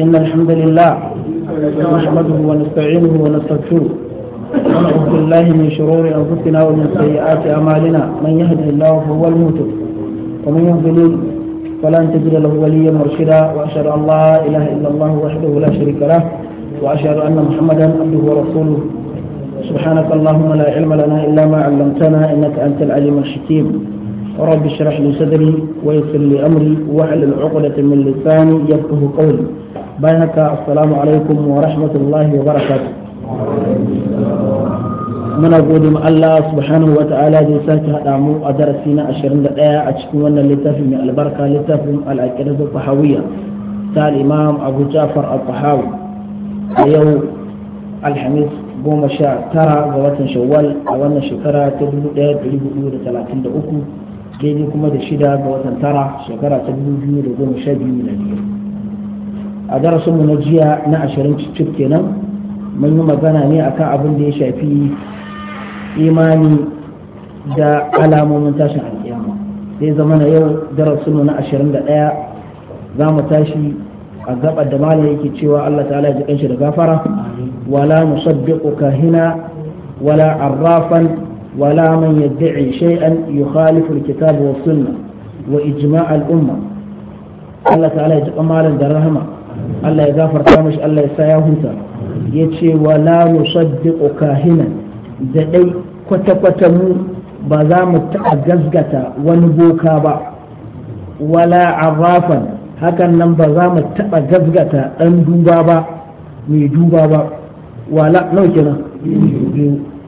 إن الحمد لله نحمده ونستعينه ونستغفره ونعوذ بالله من شرور أنفسنا ومن سيئات أعمالنا من يهده الله فهو المهتد ومن يضلل فلن تجد له وليا مرشدا وأشهد أن لا إله إلا الله وحده لا شريك له وأشهد أن محمدا عبده ورسوله سبحانك اللهم لا علم لنا إلا ما علمتنا إنك أنت العليم الحكيم رب اشرح لي صدري ويسر لي أمري واحلل عقدة من لساني يفقه قولي بينك السلام عليكم ورحمة الله وبركاته من أقول مع الله سبحانه وتعالى دي ساكي هدامو أدرسينا أشرين دقاء أتشكو أن لتفهم من البركة لتفهم العقيدة الطحاوية تال الإمام أبو جعفر الطحاوي اليوم الحميد goma sha tara ga watan shawwal a wannan shekara ta dubu ɗaya da dubu da talatin da uku daidai kuma da shida ga watan tara shekara ta dubu biyu da goma sha biyu na biyu a darasinmu na jiya na ashirin cicif kenan mun yi magana ne akan abin da ya shafi imani da alamomin tashin alkiyama zai zama na yau darasinmu na ashirin da ɗaya za mu tashi a gabar da malam yake cewa Allah ta'ala ya ji shi da gafara wala musaddiqu kahina wala arrafan ولا من يدعي شيئا يخالف الكتاب والسنة وإجماع الأمة الله تعالى يجب مالا درهما الله يغفر كامش الله يسايا هوتا يتشي ولا نصدق كاهنا دعي كتا كتا مو بزام التأجزقة ونبوكا با ولا عرافا هكا نمبر زام التأجزقة أندوبا با ميدوبا با ولا نوكنا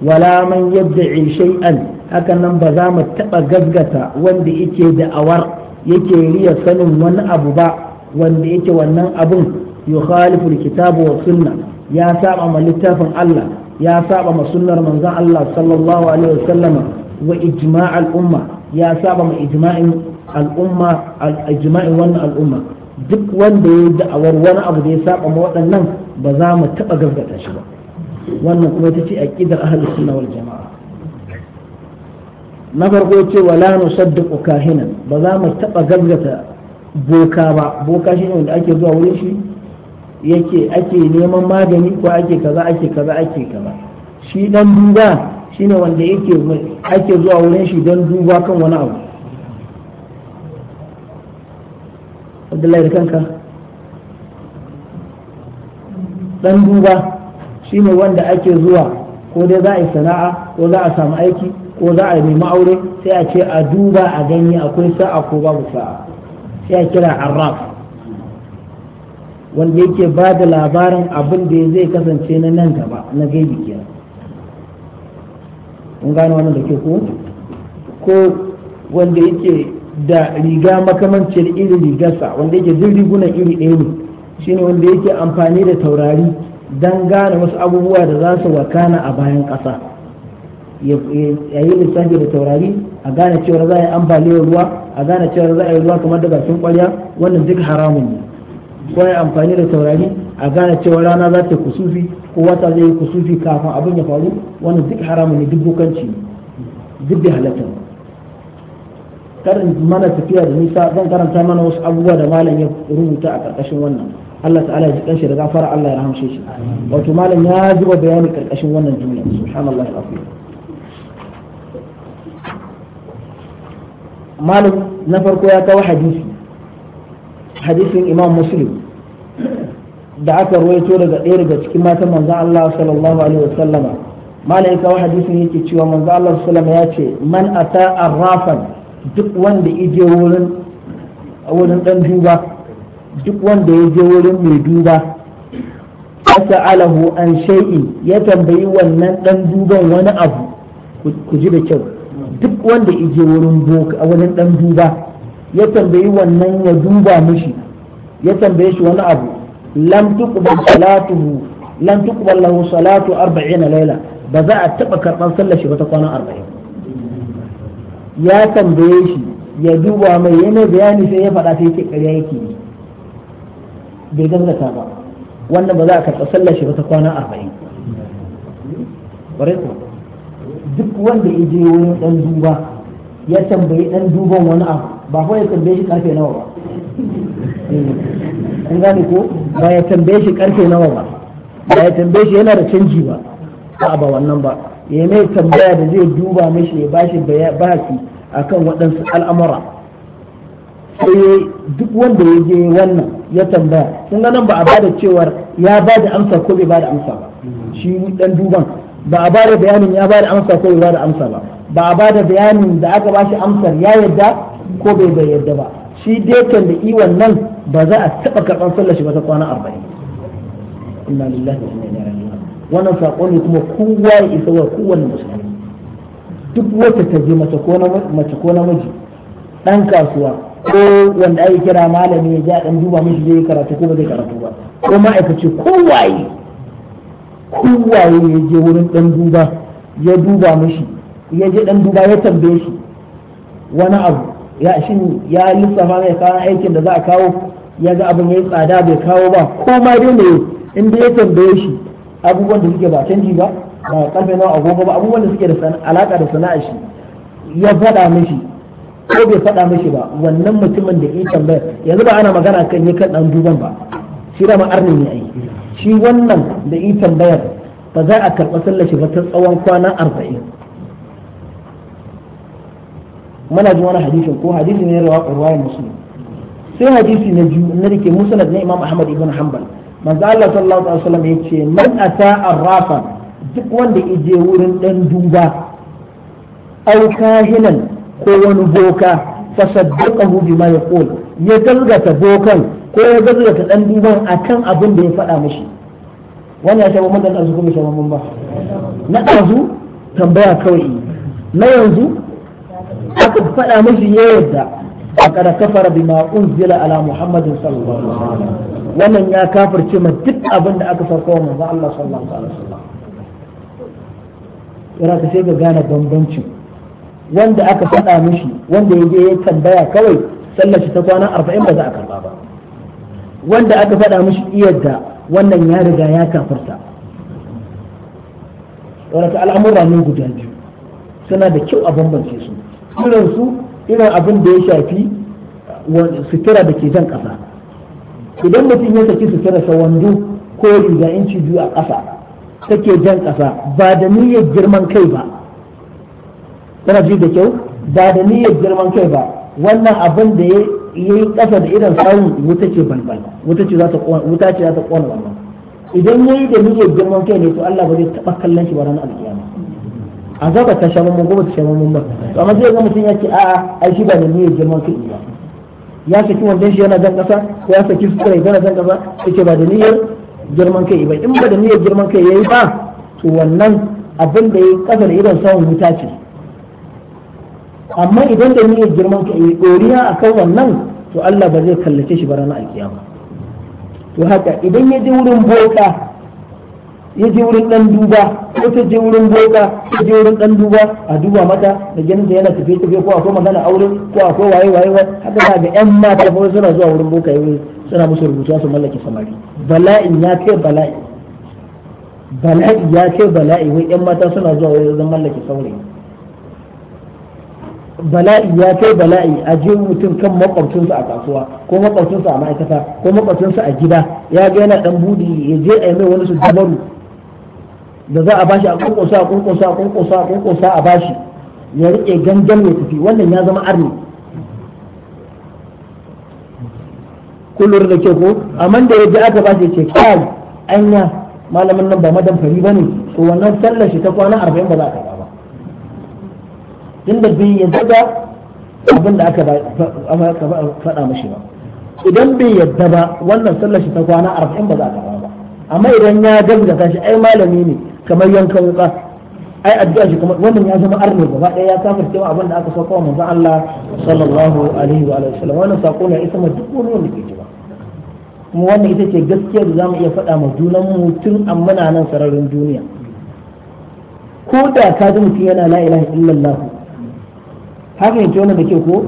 wala man yadda shay'an haka nan ba za mu taba gaggata wanda yake da'awar yake riya sanin wani abu ba wanda yake wannan abun yukhalifu kitabu wa sunna ya saba ma littafin Allah ya saba ma sunnar manzon Allah sallallahu alaihi wasallam wa ijma' al'umma ya saba ma ijma'in al-umma ijmain wannan duk wanda ya da'awar wani abu da ya saba ma waɗannan ba za mu taɓa gasgata shi ba wannan kuma ita ce aqidar ahlus sunna wal jamaa na farko wa lanu nusaddiqu kahinan ba za mu taba gaggata boka ba boka shine wanda ake zuwa wurin shi yake ake neman magani ko ake kaza ake kaza ake kaza shi dan duba shine wanda yake ake zuwa wurin shi don duba kan wani abu Abdullahi da kanka dan duba Shi ne wanda ake zuwa ko dai za a yi sana'a ko za a samu aiki ko za a nemi aure sai a ce a duba a gani akwai sa'a ko babu sa'a sai a kira arraf wanda yake ba da labarin abin da zai kasance na nan gaba na gaibi kenan kun gano wannan da ke ko ko wanda yake da riga makamancin irin rigarsa wanda yake duk rigunan iri ɗaya ne shine wanda yake amfani da taurari don gane wasu abubuwa da za su wakana a bayan ƙasa ya yi lissafi da taurari a gane cewar za a yi ambaliyar ruwa a gane cewar za a yi ruwa kamar da bakin kwalya wannan duk haramun ne ko ya amfani da taurari a gane cewar rana za ta kusufi ko wata zai yi kusufi kafin abin ya faru wannan duk haramun ne duk bukanci duk da halatta karin mana tafiya da nisa zan karanta mana wasu abubuwa da malam ya rubuta a ƙarƙashin wannan Allah ta'ala ya ji kanshi da gafara Allah ya rahamshe shi wato malam ya zuba bayani karkashin wannan jumla subhanallahi malam na farko ya kawo hadisi hadisin imam muslim da aka ruwaito daga ɗaya daga cikin matan manzon Allah sallallahu alaihi wasallama malam ya kawo hadisin yake cewa manzon Allah sallallahu ya ce man ata arrafan duk wanda ije wurin wurin dan duba duk wanda ya je wurin mai duba alahu an shaii ya tambayi wannan dan duban wani abu ku ji da kyau duk wanda ya je wurin boka wani dan duba ya tambayi wannan ya duba mishi ya tambaye shi wani abu lam tuqbal salatuhu lam tuqbal lahu salatu 40 laila ba za a taba karban sallar shi ba ta kwana 40 ya tambaye shi ya duba mai yana bayani sai ya faɗa sai yake ƙarya yake yi bai gangata ba wannan ba za a karɓa sallar shi ba ta kwana arba'in ƙwarai duk wanda ya je wurin ɗan duba ya tambayi ɗan duban wani abu ba kawai ya tambaye shi ƙarfe nawa ba an gane ko ba ya tambaye shi ƙarfe nawa ba ba ya tambaye shi yana da canji ba ba ba wannan ba ya mai tambaya da zai duba mishi ya bashi bahasi akan waɗansu al'amura sai duk wanda ya je wannan ya tambaya kun nan ba a bada cewar ya bada amsa ko bai amsa ba shi dan duban ba a bada bayanin ya amsa ko bai amsa ba ba a bada bayanin da aka bashi amsar ya yadda ko bai bai yadda ba shi dai kan da i wannan ba za a taba karban sallar shi ba ta kwana 40 inna lillahi wa inna ilaihi raji'un wannan sako ne kuma kowa ya isa wa kowanne musulmi duk wata ta je mace ko namiji dan kasuwa ko wanda ake kira malami ya ji a dan duba mishi zai karatu ko ba zai karatu ba ko ma'aikaci kowaye kowaye ya je wurin dan duba ya duba mishi ya je dan duba ya tambaye shi wani abu ya shi ya lissafa mai kayan aikin da za a kawo ya ga abin ya yi tsada bai kawo ba ko ma dai ne in ya tambaye shi abubuwan da suke ba canji ba ba karfe nawa agogo ba abubuwan da suke da alaka da sana'a shi ya faɗa mashi. ko bai faɗa mashi ba wannan mutumin da ya tambaya yanzu ba ana magana kan yi kan ɗan duban ba shi da arnin ya yi shi wannan da ya tambayar ba za a karɓa sallar ba ta tsawon kwana arba'in mana ji wani hadisin ko hadisi ne ruwaya musulmi sai hadisi na biyu na rike musnad na imam ahmad ibn hanbal manzo Allah sallallahu alaihi wasallam yace man ata arrafa duk wanda je wurin dan duba au kahinan ko wani boka fasaddaqahu bima yaqul ya dalgata bokan ko ya dalgata dan duban akan abin da ya faɗa mishi wannan ya tabo mun dan arzu kuma shafa mun ba na arzu tambaya kawai na yanzu aka faɗa mishi ya yadda da kafara bima unzila ala muhammadin sallallahu alaihi wasallam wannan ya kafirce ma duk abin da aka farko wa manzo Allah sallallahu alaihi wasallam ira ka sai ga gane bambancin wanda aka faɗa mishi wanda ya je ya tambaya kawai sallar shi ta kwana arba'in ba za a karba ba wanda aka faɗa mishi iyadda wannan ya riga ya kafarta wadda al'amura ne guda biyu suna da kyau a bambance su irin su irin abin da ya shafi sutura da ke jan ƙasa idan mutum ya saki sutura sa wando ko riga inci biyu a ƙasa take jan ƙasa ba da niyyar girman kai ba kana ji da kyau ba da niyyar girman kai ba wannan abin da ya yi kasa da idan samun wuta ce balbal wuta ce za ta wuta ce za ta kona wannan idan yayi da niyyar girman kai ne to Allah ba zai taba kallon shi ba ranar alkiyama a gaba ta shaman mun gobe ta shaman mun ba to amma zai ga mutum ya ce a'a ai shi ba da niyyar girman kai ba ya saki wandon shi yana zan kasa ko ya saki sutura yana zan kasa yake ba da niyyar girman kai ba in ba da niyyar girman kai yayi ba to wannan abin da ya kasa da idan samun wuta ce amma idan da niyyar girman ka yi eh, doriya kan wannan to Allah ba zai kallace shi ba ranar alkiyama to haka idan ya je wurin boka ya je wurin dan duba ko ta je wurin boka ta je wurin dan duba a duba mata da ganin da yana tafiye tafiye ko akwai magana aure ko akwai waye waye wa haka ga yan mata ko suna zuwa wurin boka yayin eh, suna musu rubutu su mallake samari bala'in ya kai bala'i bala'i ya kai bala'i wai yan mata suna zuwa wurin mallake saurayi bala'i ya kai bala'i a je mutum kan makwabcinsa a kasuwa ko makwabcinsa a ma'aikata ko makwabcinsa a gida ya ga yana dan budi ya je a yi mai wani su damaru da za a bashi a kunkosa a kunkosa a kunkosa a kunkosa a bashi ya rike gangan ya tafi wannan ya zama arni kullum da ke ko amma da ya ji aka bashi ce kai anya malamin nan ba madan fari bane to wannan sallar shi ta kwana arba'in ba za ta tunda bai yadda da abin da aka faɗa mashi ba idan bai yadda ba wannan sallar shi ta kwana arba'in ba za a karɓa ba amma idan ya gaggata shi ai malami ne kamar yankan wuka ai addu'a shi kuma wannan ya zama arne gaba ɗaya ya kafir cewa abin da aka sauka wa manzon Allah sallallahu alaihi wa sallam wannan sako ne isa ma duk wani wanda ke jira kuma wannan ita ce gaskiya da zamu iya faɗa ma junan mu tun an muna nan sararin duniya ko da ka ji mutum yana la ilaha illallah haka yanzu wannan da ke ko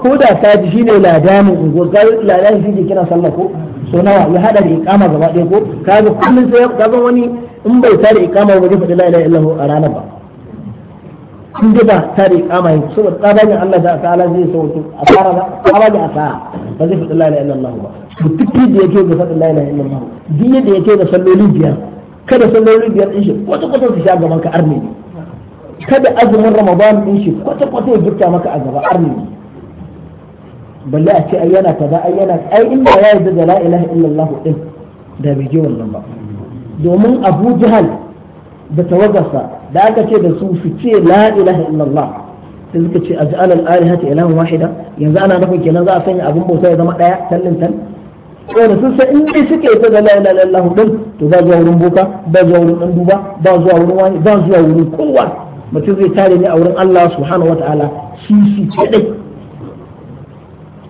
ko da ta ji shine ladamin unguwar ladamin shi ke kira sallah ko so nawa ya hada da ikama gaba ɗaya ko kaga kullum sai kaga wani in bai tare ikama ba zai faɗi la ilaha illallah a ranar ba in dai ba tare ikama yake saboda tsabanin Allah da ta'ala zai sauke a fara ba tsabanin asara ba zai faɗi la ilaha illallah ba duk da yake ga faɗi la ilaha illallah duk yadda yake da sallolin biyar kada sallolin biyar din shi kwata kwata su sha gaban ka arne ne kada azumin ramadan din shi kwata kwata ya gifta maka a gaba arni balle a ce ai yana kaza ai yana ai inda ya yarda da la ilaha illallah din da bai je wannan ba domin abu jahal da tawagarsa da aka ce da su su ce la ilaha illallah sai suka ce aj'al al alihata ilahan wahida yanzu ana nufin kenan za a sanya abin bauta ya zama daya tallin tan. ko da sun san in dai suka yi ta da la ilaha illallah din to ba zuwa wurin boka ba zuwa wurin dan duba ba zuwa wurin wani ba zuwa wurin kowa mutum zai tare ne a wurin Allah subhanahu wataala shi shi kadai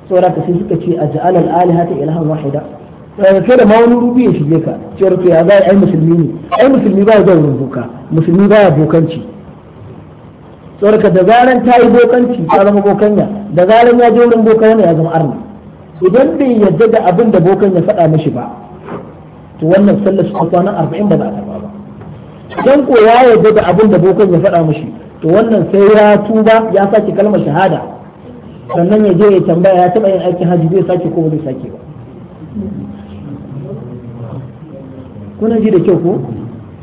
saboda ka sai suka ce a ja'al al alihata ilahan wahida kai da ma wani rubi ya shige ka cewar to ya za ai musulmi ne ai musulmi ba ya zuwa wurin boka musulmi ba ya bokanci saboda da zaran ta yi bokanci ta zama bokanya da zaran ya je wurin boka wani ya zama arna idan bai yarda da abin da bokan ya faɗa mashi ba to wannan sallar su kwanan arba'in ba za a ba dan ko ya yarda da abin da bokan ya faɗa mishi to wannan sai ya tuba ya sake kalmar shahada sannan ya je ya tambaya ya taɓa yin aikin haji zai sake ko zai sake ba kuna ji da kyau ko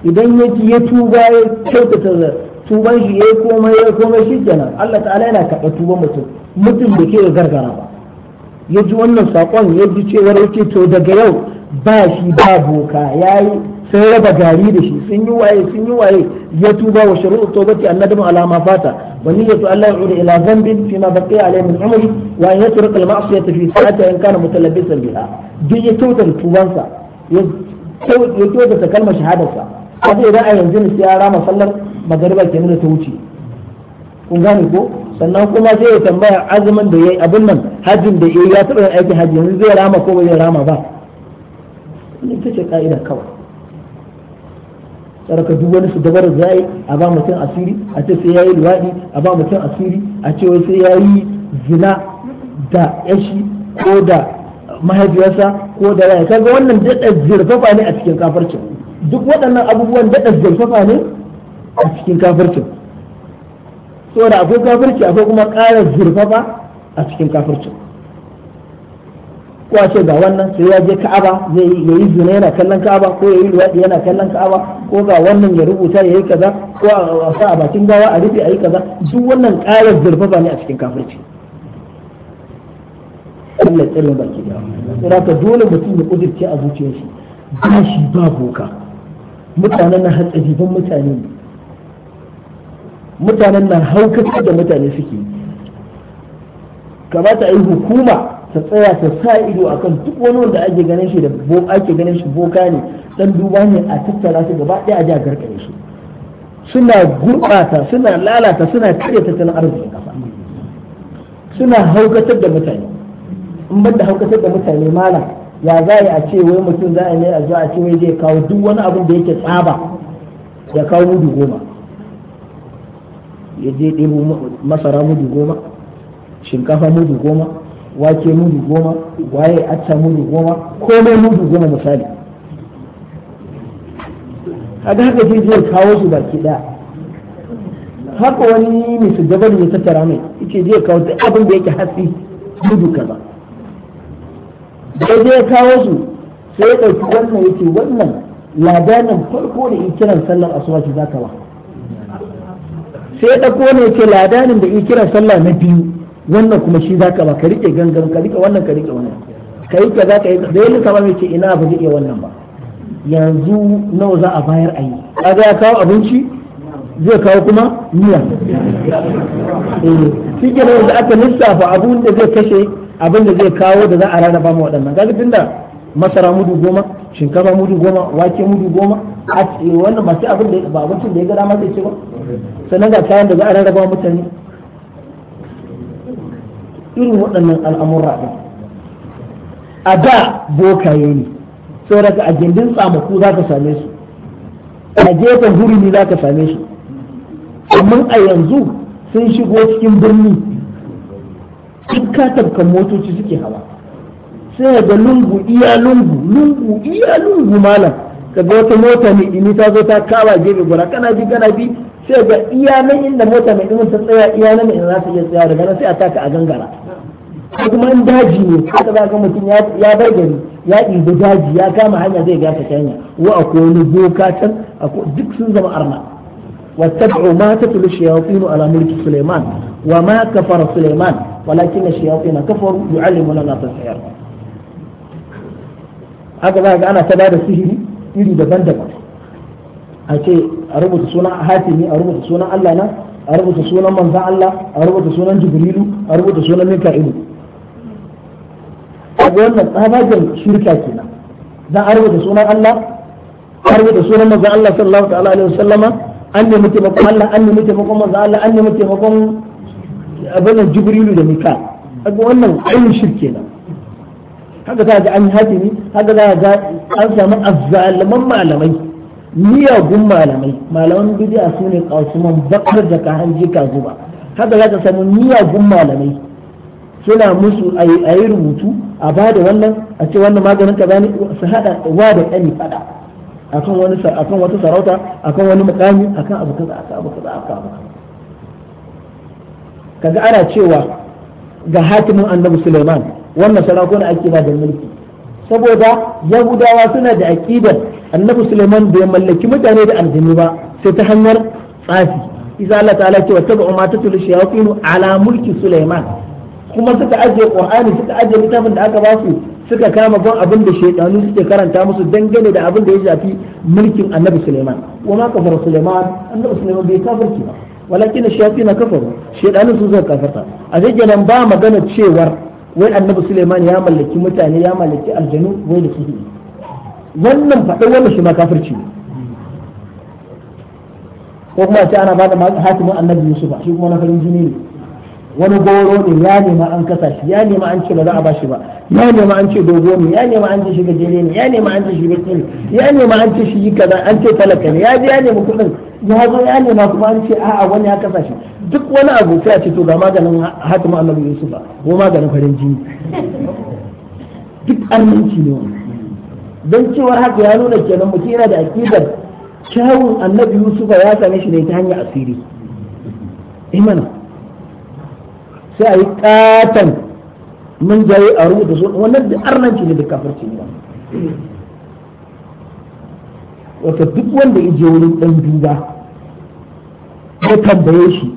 idan ya ji ya tuba ya kyautata tuban shi ya komai ya komai shi kenan Allah ta'ala yana karɓar tuban mutum mutum da ke gargara ba ya ji wannan saƙon ya ji cewar yake to daga yau ba shi ba boka ya sun raba gari da shi sun yi waye sun yi waye ya tuba wa shuru'u tawbati annadamu ala ma fata wa niyyatu alla yu'uda ila dhanbin fi ma baqiya alayhi min umri wa an yatruka al ma'siyata fi sa'ati in kana mutalabbisan biha duk ya kyauta da sa ya kyauta da kalmar shahadarsa kaje idan a yanzu ne sai ya rama sallar magariba kenan da ta wuce kun gane ko sannan kuma sai ya tambaya azumin da yayi abin nan hajjin da yayi ya taɓa aikin hajji yanzu zai rama ko ba rama ba ita ce ka'ida kawai tsaraka duk wani su dabar za a ba mutum asiri a ce sai yayi luwaɗi a ba mutum asiri a ce wai sai yayi zina da yashi ko da mahaifiyarsa ko da yaya kaga wannan daɗa zirfafa ne a cikin kafarcin duk waɗannan abubuwan daɗa zirfafa ne a cikin kafarcin saboda akwai kafarci akwai kuma ƙara zirfafa a cikin kafarcin ko ce ga wannan sai ya je Ka'aba zai yi zina yana kallon Ka'aba ko yayi luwadi yana kallon Ka'aba ko ga wannan ya rubuta yayi kaza ko a sa a bakin gawa a rufe ayi kaza duk wannan ƙarar zurfafa ne a cikin kafirci Allah tsirin baki da kuma ka dole mutum ya kudirce a zuciyar shi ba shi ba boka mutanen na hatsajibin mutane ne mutanen na haukatar da mutane suke kamata a yi hukuma ta tsaya ta sa ido akan duk wani wanda ake ganin shi da ganin shi boka ne dan duba ne a tattara su gaba ɗaya a ji a garkare shi suna gurɓata suna lalata suna kare tattalin arzikin ƙasa suna haukatar da mutane in banda haukatar da mutane malam ya za a ce wai mutum za a ne a zuwa a ce wai zai kawo duk wani abin da yake tsaba ya kawo mudu goma ya je ɗebo masara mudu goma shinkafa mudu goma wake mudu goma waye acca mudu goma komai mudu goma misali kaga haka zai zai kawo su baki daya haka wani mai su jabal ya tattara mai yace zai kawo duk abin da yake hatsi mudu kaza da zai kawo su sai ya ɗauki wannan yace wannan ladanin farko da kiran sallar asuba shi zaka ba sai ya ɗauko ne yace ladanin da kiran sallah na biyu wannan kuma shi zaka ba ka rike gangan ka rike wannan ka rike wannan ka yi za ka yi da kama kamar yace ina ba rike iya wannan ba yanzu nawa za a bayar a yi kaga ya kawo abinci zai kawo kuma miya eh shi ke da aka lissafa abun da zai kashe abin da zai kawo da za a rarraba ma waɗannan kaga tunda masara mudu goma shinkafa mudu goma wake mudu goma a wannan masu abin da ba abincin da ya gara masa ce ba sannan ga kayan da za a rarraba mutane irin waɗannan al'amurra ɗin a da bokaye ne sau daga a gindin tsamaku za ka same su a gefen hurumi za ka same su amma a yanzu sun shigo cikin birni duk katabkan motoci suke hawa sai ga lungu iya lungu lungu iya lungu malam kaga wata mota mai ɗini ta zo ta kawa gefe gura kana bi kana bi sai ga iya nan inda mota mai ɗinin ta tsaya iya nan inda za ta iya tsaya daga nan sai a taka a gangara ko daji ne haka za ga mutum ya bar gari ya ɗibi daji ya kama hanya zai gasa ta hanya wa akwai wani doka can duk sun zama arna واتبعوا ما تتل الشياطين على ملك سليمان وما كفر سليمان ولكن shayatin kafaru yu'allimuna الناس tasayyar haka za ka ana ta bada sihiri iri daban-daban a ce a rubuta sunan hatimi a rubuta sunan Allah na a rubuta sunan manzan Allah a rubuta sunan jibrilu a rubuta sunan mika'ilu kaga wannan tsabagen shirka kenan dan an rubuta sunan Allah a rubuta sunan manzon Allah sallallahu ta'ala alaihi wasallama an nemi taimakon Allah an nemi taimakon manzon Allah an nemi taimakon abin Jibrilu da Mika kaga wannan ainihin shirk kenan haka za ga an yi hatimi haka za ga an samu azzaliman malamai miyagun malamai malaman bid'a su ne kasuman bakar da ka hanji ka zuba haka za ka samu miyagun malamai suna musu a yi rubutu a ba da wannan a ce wannan maganin kaza ne su haɗa wa da ƙani faɗa akan wani akan wata sarauta akan wani mukami akan abu kaza akan abu kaza akan abu kaza kaga ana cewa ga hatimin annabi Sulaiman wannan sarakuna ake ba da mulki saboda yahudawa suna da aqidar annabi Sulaiman bai mallaki mutane da aljinu ba sai ta hanyar tsafi iza Allah ta'ala ce wa tabu ma tatul shayatinu ala mulki Sulaiman kuma suka ajiye qur'ani suka ajiye littafin da aka ba su suka kama ban abin da shaytanu suke karanta musu dangane da abin da ya shafi mulkin annabi suleiman wa ma kafara suleiman annabi suleiman bai kafirci ba walakin shafi na kafaru shaytanu sun zo kafarta a nan ba magana cewar wai annabi suleiman ya mallaki mutane ya mallaki aljanu wai da sihiri wannan faɗin wannan shi ma kafirci ne ko kuma a ce ana ba da hatimin annabi yusuf shi kuma na farin jini ne wani goro ne ya nema an kasa shi ya nema an ce ba za a bashi ba ya nema an ce dogo ne ya nema an ce shi gajere ne ya nema an ce shi baki ne ya nema an ce shi kaza an ce talaka ne ya je ya nema kuɗin ya zo ya nema kuma an ce a'a wani ya kasa shi duk wani abu sai a ce to ga maganin hatimu annabi yusuf ba ko maganin farin jini duk aminci ne wannan don cewar haka ya nuna kenan mutum yana da aƙidar kyawun annabi yusuf ya same shi ne ta hanyar asiri imana eh sai a yi katon mun jaye a rubuta su wannan da arnanci ne da kafarci ne wata duk wanda ya je wurin dan duba ya tambaye shi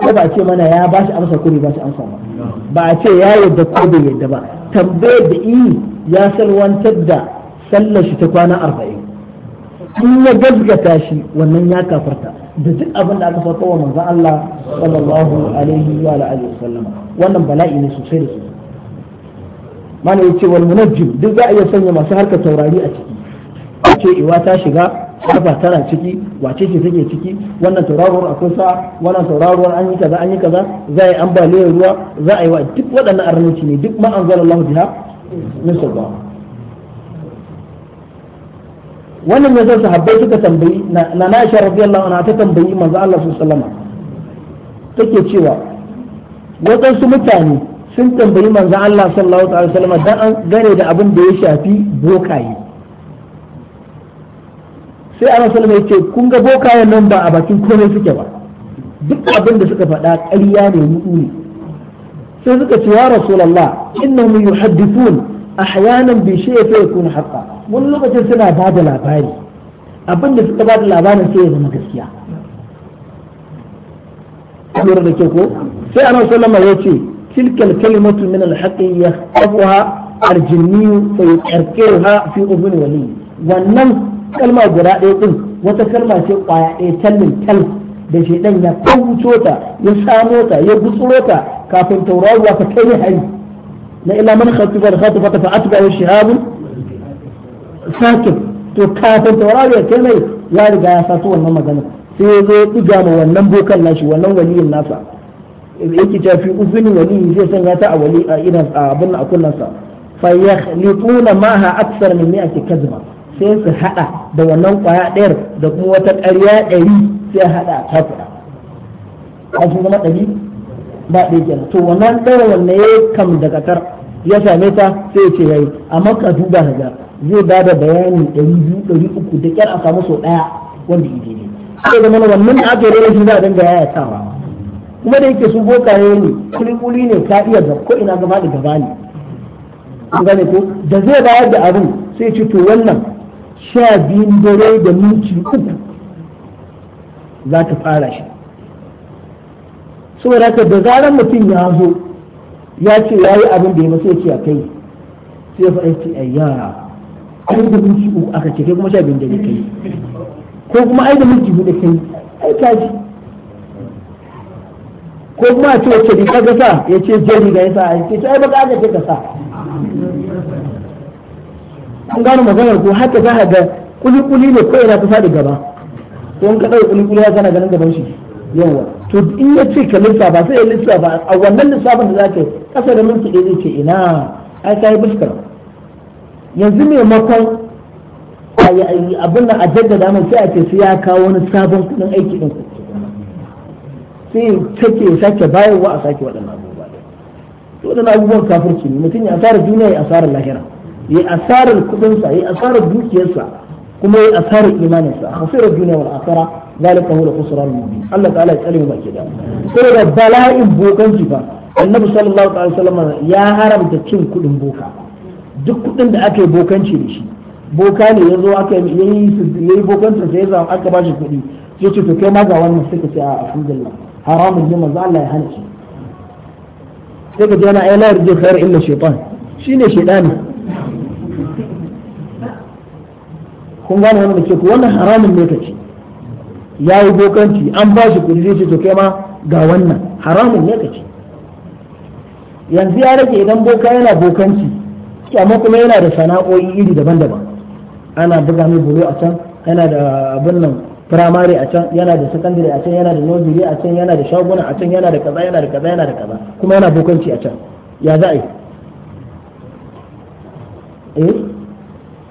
ko ba a ce mana ya ba shi amsa ko ba shi amsa ba ba a ce ya yadda ko bai yadda ba tambayar da yi ya salwantar da sallar shi ta kwana arba'in in ya gazgata shi wannan ya kafarta da duk abin da aka sauka wa manzan Allah sallallahu alaihi wa alihi wasallama wannan bala'i ne sosai da sosai mana yace wal munajjim duk za a iya sanya masu harkar taurari a ciki ce iwa ta shiga harfa tana ciki wace ce take ciki wannan tauraruwar akwai sa wannan tauraruwar an yi kaza an yi kaza za a yi ambaliyar ruwa za a yi wa duk waɗannan arnaci ne duk ma anzalallahu biha nasaba wannan ya zai sahabbai suka tambayi na nasha Aisha radiyallahu anha ta tambayi manzo Allah sallallahu alaihi wasallam take cewa waɗansu mutane sun tambayi manzo Allah sallallahu alaihi wasallam dan an gane da abin da ya shafi bokaye sai Allah sallallahu alaihi wasallam ya ce kun ga bokayen nan ba a bakin komai suke ba duk abin da suka faɗa ƙarya ne mutu ne sai suka ce ya rasulullah innahum yuhaddithun ahyanan bi shi yafi yakun haqqa wani lokacin suna ba da labari abin da suka ba da labarin sai ya zama gaskiya lura da ke ko sai ana sallama ya ce tilkal kalimatu min alhaqi yahfazuha aljinni fa yuqarriruha fi ubun wali wannan kalma guda ɗaya din wata kalma ce kwaya ɗaya tallin tal da shedan ya kawuto ta ya samo ta ya gutsuro ta kafin taurawa ta kai hari na illa man khatifa da khatifa ta fa'atba wa shihabun sakin to kafin taurari ya kai mai ya riga ya sato wannan magana sai ya zo ya diga ma wannan bokan nashi wannan waliyin nasa yake cewa fi uzunin waliyi zai sanya ta a wali a idan a abin a kunnansa fa yakhlituna maha aksar min mi'ati kadhba sai su hada da wannan kwaya ɗayar da kuma wata ƙarya ɗari sai hada ta kuɗa a sun zama ɗari ba ɗaya kenan to wannan ɗaya wanne ya kam daga kar ya same ta sai ya ce yayi amma ka duba daga zai ba da bayani ɗari biyu ɗari uku da ƙyar a samu sau ɗaya wanda ya daidai sai da mana wannan da aka yi rashin za a dinga yaya sawa kuma da yake su bokaye ne kulikuli ne ka iya ga ko ina gaba da gaba ne an gane ko da zai bayar da abin sai ce to wannan sha biyun dare da minti uku za ta fara shi saboda haka da zarar mutum ya zo ya ce ya yi abin da ya masu ya ce a kai sai ya faɗa ce ayya ai da mulki uku aka ce kai kuma sha biyun da ya kai ko kuma ai da mulki huɗu kai ai ka ji ko kuma a ce wacce riga ka gasa ya ce jeri ga ya sa ya ce ai baka aka ce ka sa an gano maganar ko haka za a ga kuli-kuli ne ko na kusa da gaba ko in ka ɗauki kuli-kuli ya gana ganin gaban shi yawa to in ya ce ka lissafa sai ya lissafa a wannan lissafin da za ka yi ƙasa da minti ɗaya zai ce ina ai ka yi fuskar yanzu maimakon abin da a jaddada mai sai a ce sai ya kawo wani sabon kuɗin aiki ɗin sai take sake bayarwa a sake waɗannan abubuwa to waɗannan abubuwan kafirci ne mutum ya asarar duniya ya asarar lahira ya asarar kuɗinsa ya asarar dukiyarsa kuma ya asara imaninsa khasirar duniya wal akhira zalika huwa khusran mubin Allah ta'ala ya tsare mu baki da saboda bala'in bokan jifa annabi sallallahu alaihi wasallam ya haramta cin kudin boka duk kudin da aka yi bokanci da shi boka ne zo aka yi yayi bokanci sai ya zama aka bashi kudi sai ce to kai ma ga wannan suka ce a alhamdulillah haramun ne manzo Allah ya hana shi sai ka ji yana ayyana yarje khair illa shi shine shaytani kun gane wannan da ke ku wannan haramun ne kace ya yi bokanci an ba shi kudi zai ce to kai ma ga wannan haramun ne kace yanzu ya rage idan boka yana bokanci amma kuma yana da sana'o'i iri daban-daban ana buga mai bulo a can yana da abin nan firamare a can yana da sakandare a can yana da nojiri a can yana da shaguna a can yana da kaza yana da kaza yana da kaza kuma yana bokanci a can ya za a yi eh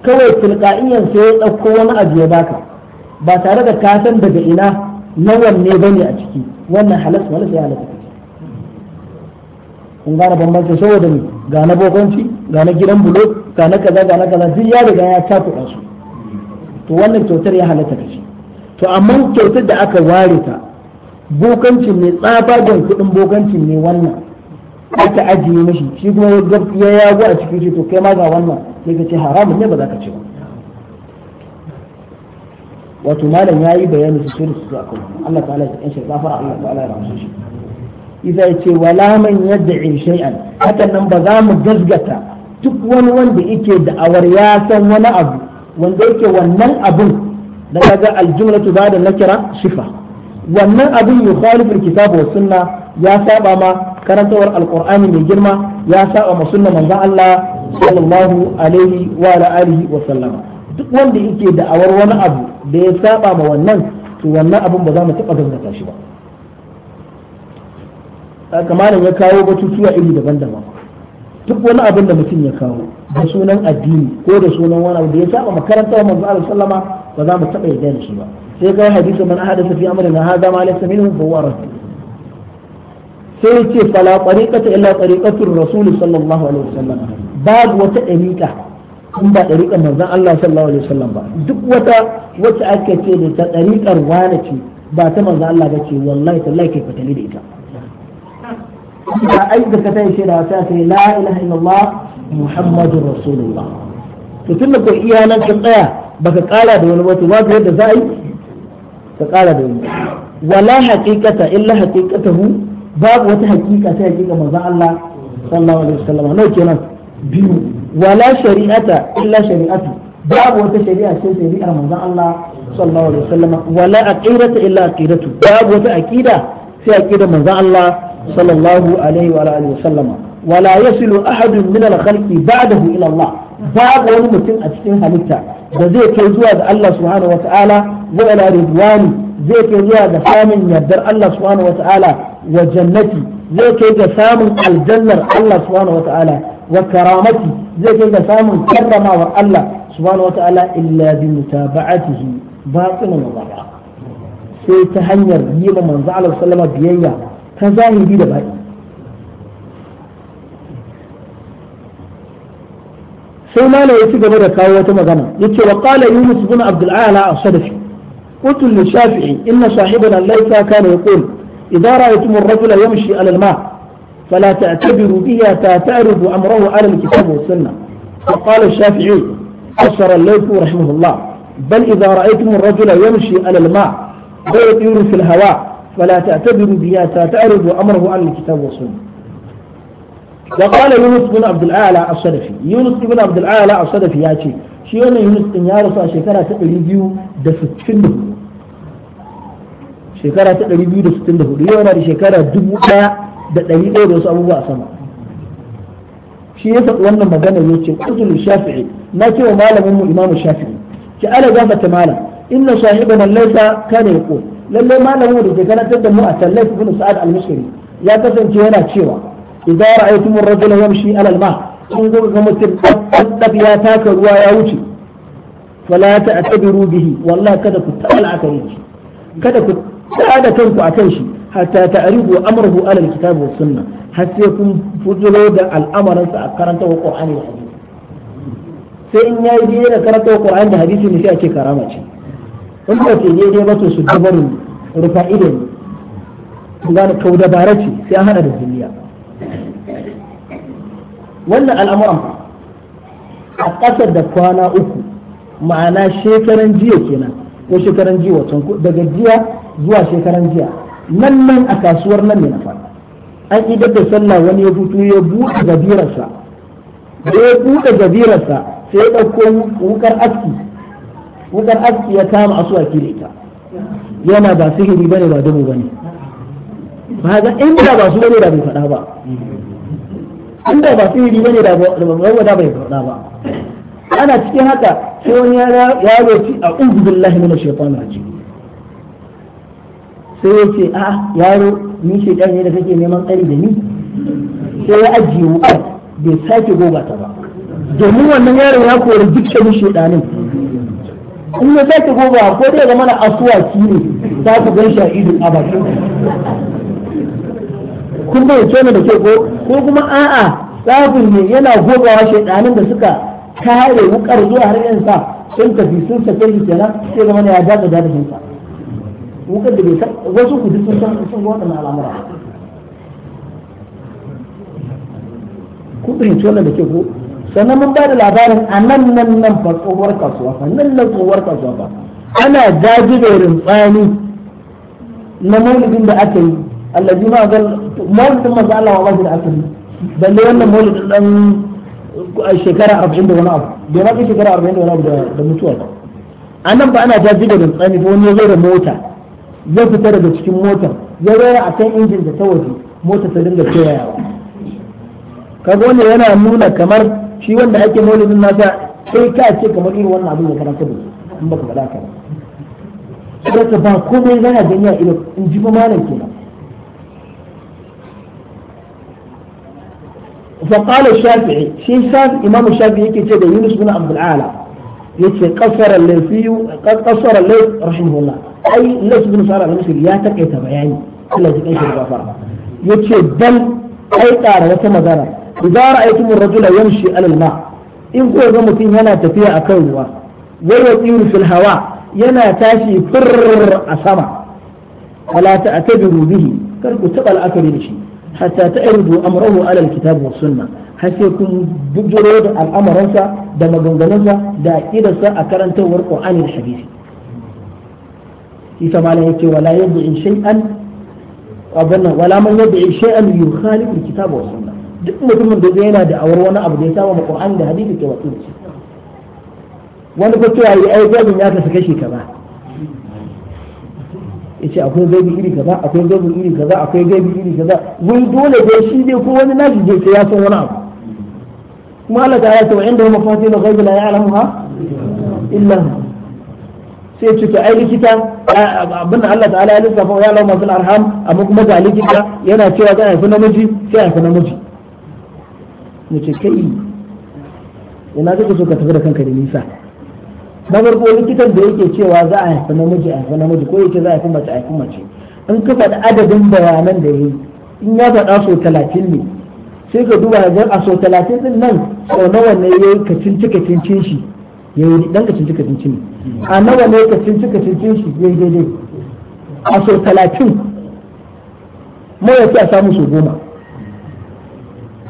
kawai tilka'iyan sai ya ɗauko wani abu ya baka ba tare da ka san daga ina na wanne bane a ciki wannan halas wani sai halas kun gane bambanci saboda ni ga na bokonci ga na gidan bulo ga na kaza ga na kaza duk ya riga ya cakuɗa su to wannan kyautar ya halatta da shi to amma kyautar da aka ware ta bokanci ne tsabagen kuɗin bokancin ne wannan aka ajiye mashi shi kuma ya yago a cikin shi to kai ma ga wannan sai ka ce haramun ne ba za ka ce ba wato malam ya yi bayanin su shirin su akan Allah ta'ala ya kanshi fara, Allah ta'ala ya rahmshe shi Iza ya ce wala man yad'i shay'an hakan nan ba za mu gazgata duk wani wanda yake da'awar ya san wani abu wanda yake wannan abun da kaga aljumlatu ba da nakira shifa wannan abin yukhalifu alkitabu was sunna ya saba ma karantawar alqur'ani mai girma ya saba ma sunna manzon Allah sallallahu alaihi wa alihi wa sallama duk wanda yake da'awar wani abu da ya saba ma wannan to wannan abun ba za mu taɓa gaskata shi ba kamarin ya kawo batutuwa iri daban-daban duk wani abin da mutum ya kawo da sunan addini ko da sunan wani abu da ya saba makarantar manzo Allah sallama ba za mu taɓa yarda da shi ba sai ga hadisi man ahadasa fi amrina hadha ma laysa minhu fa huwa radd sai ce fala tariqata illa tariqatur rasul sallallahu alaihi wasallam babu wata ɗariƙa in ba ɗariƙar manzon Allah sallallahu alaihi wasallam ba duk wata wacce ake ce da ta ɗariƙar wani ce ba ta manzon Allah ba ce wallahi tallahi kai fatali da ita ba ai da ka tayi shaida ta ce la ilaha illallah muhammadur rasulullah to tunda ko iya nan kin tsaya baka kala da wani wata babu yadda za a yi ka kala da wani wala haqiqata illa haqiqatahu babu wata haqiqa sai haqiqa manzon Allah sallallahu alaihi wasallam nau kenan biyu wala shari'ata illa shari'atu babu wata shari'a sai shari'ar manzon Allah sallallahu alaihi wasallam wala aqidata illa aqidatu babu wata aqida sai aqidar manzon Allah sallallahu alaihi wa alihi wasallam wala yasilu ahadun min al-khalqi ba'dahu ila Allah babu wani mutum a cikin halitta da zai kai zuwa ga Allah subhanahu wa ta'ala wa ila ridwani zai kai zuwa ga samun yardar Allah subhanahu wa ta'ala wa jannati zai kai ga samun aljannar Allah subhanahu wa ta'ala wa karamati zai kai ga samun karramawar Allah subhanahu wata'ala illa bi mutaba'atihi batinan wa zahira sai ta hanyar yi ma manzo Allah sallama biyayya ta zahiri da baki sai ma ya ci gaba da kawo wata magana yace wa qala yunus buna abdul ala as-sadafi قلت للشافعي إن صاحبنا ليس كان يقول إذا رأيتم الرجل يمشي على الماء فلا تعتبروا بها فتعرضوا أمره على الكتاب والسنة وقال الشافعي أشر الليث رحمه الله بل إذا رأيتم الرجل يمشي على الماء ويطير في الهواء فلا تعتبروا بها فتعرضوا أمره على الكتاب والسنة وقال يونس بن عبد الأعلى الشرفي يونس بن عبد الأعلى الشرفي ياتي يعني shi يونس بن din ya rasu a shekara ta ɗari biyu da sittin da hudu da ɗari ɗaya da wasu abubuwa sama shi ya faɗi wannan magana ya ce kutul shafi'i na ce wa malamin mu imam shafi'i ki ala gafa ta malam inna sahiban laysa kana yaqul lalle malamin da ke karantar da mu a tallaf ibn sa'ad al-mushkiri ya kasance yana cewa idan ra'aytum ar-rajula yamshi ala al-ma' kun kuka ga mutum ɗaɗɗaf ya taka ruwa ya wuce fala a atabiru bihi wallahi kada ku taɓa la'akari kada ku kanku a kan shi hatta ta'rifu amrahu ala alkitabi was sunna har sai kun fujiro da al'amarin sa a karanta qur'ani da hadisi sai in yayi daidai da karanta qur'ani da hadisi ne sai ake karama ce in ba ke daidai ba to su dabaru rufa'ide ido ne kuma da dabara ce sai hada da duniya wannan al'amuran a ƙasar da kwana uku ma'ana shekaran jiya kenan ko shekaran jiya wancan daga jiya zuwa shekaran jiya nan nan a kasuwar nan ne na fara an idar da sallah wani ya fito ya buɗe gabirarsa da ya buɗe gabirarsa sai ya ɗauko wukar aski wukar aski ya kama asuwaki da ita yana ba sihiri bane ba dubu bane ba ga inda ba su bane da bai faɗa ba inda ba sihiri bane da ba bai faɗa ba ana cikin haka sai wani yaro ya a ubu billahi minash shaitanir rajim sai ya ce a yaro ni shaidan ne da kake neman tsari da ni sai ya ajiye wuƙar bai sake goba ta ba domin wannan yaron ya kori dukkanin shaidanin in ya sake goba ko dai zama na ki ne za ku gan shi a ido a bakin kun bai ce da ke ko ko kuma a'a tsafin ne yana gogawa shedanin da suka kare wukar zuwa har yansa sun tafi sun sake shi kenan sai zama ya daga dadin sa wukan da bai san wasu sun san sun ga al'amura ku fahimci da ke ko sannan mun ba da labarin a nan nan nan fa tsohuwar kasuwa fa nan nan tsohuwar kasuwa ba ana jajiberin tsani na maulidin da aka yi allazi ma mulkin maulidin manzo Allah wa da aka yi balle wannan maulidin dan shekara 40 da wani abu bai ma shekara 40 da wani abu da mutuwa ba nan ba ana jajiberin tsani ko wani ya zo da mota ya fita daga cikin motar ya raya a kan injin da ta waje motar ta dinga kewayawa kaga wannan yana nuna kamar shi wanda ake maulidin nasa sai ka ce kamar irin wannan abin da karanta da in baka faɗa ka ba saboda ba komai zana gani a ido in ji malam kenan فقال الشافعي شي شاف امام yake ce da yunus بن عبد ala يكي قصر الليثي قد قصر الليث رحمه الله ai na su bin ya takaita bayani Allah jikin shi da fara yace dan ai kara wata magana idara aitum ar-rajula yamshi ma in ko ga mutum yana tafiya akan ruwa wa yatiru fil hawa yana tashi fur a sama wala ta'tadiru bihi kar ku taba al'akari da shi hatta ta'ridu amrahu ala al-kitab was sunnah har sai kun bujiro da al'amuransa da maganganunsa da aqidarsa a karantawar Qur'ani da hadisi ita ma ya ce wala yad'i shay'an abunna wala man yad'i shay'an yukhalifu alkitab wa sunna duk mutumin da zai yana da awar wani abu da ya saba Qur'an da hadisi ke wasu wani ko cewa yi ai gabin ya kasu kashi kaza yace akwai gabi iri kaza akwai gabi iri kaza akwai gabi iri kaza wai dole dai shi dai ko wani nashi je sai ya san wani abu kuma Allah ta ya ce wa inda mafatihul ghaibi la ya'lamuha illa sai ce to ai likita abin da Allah ta'ala ya lissafa ya lawa masu arham amma kuma ga likita yana cewa zai haifi namiji sai haifi namiji mu ce kai ina zai so ka tafi da kanka da nisa na farko likitan da yake cewa za a haifi namiji a haifi namiji ko yake za a haifi mace a haifi mace in ka faɗi adadin bayanan da ya yi in ya faɗa so talatin ne sai ka duba a so talatin din nan sau nawa ne ya yi cin cin shi ya yi dan kacin cika cin cini a nawa ne kacin cika cin shi ya yi daidai a sau talatin mawaci a samu sau goma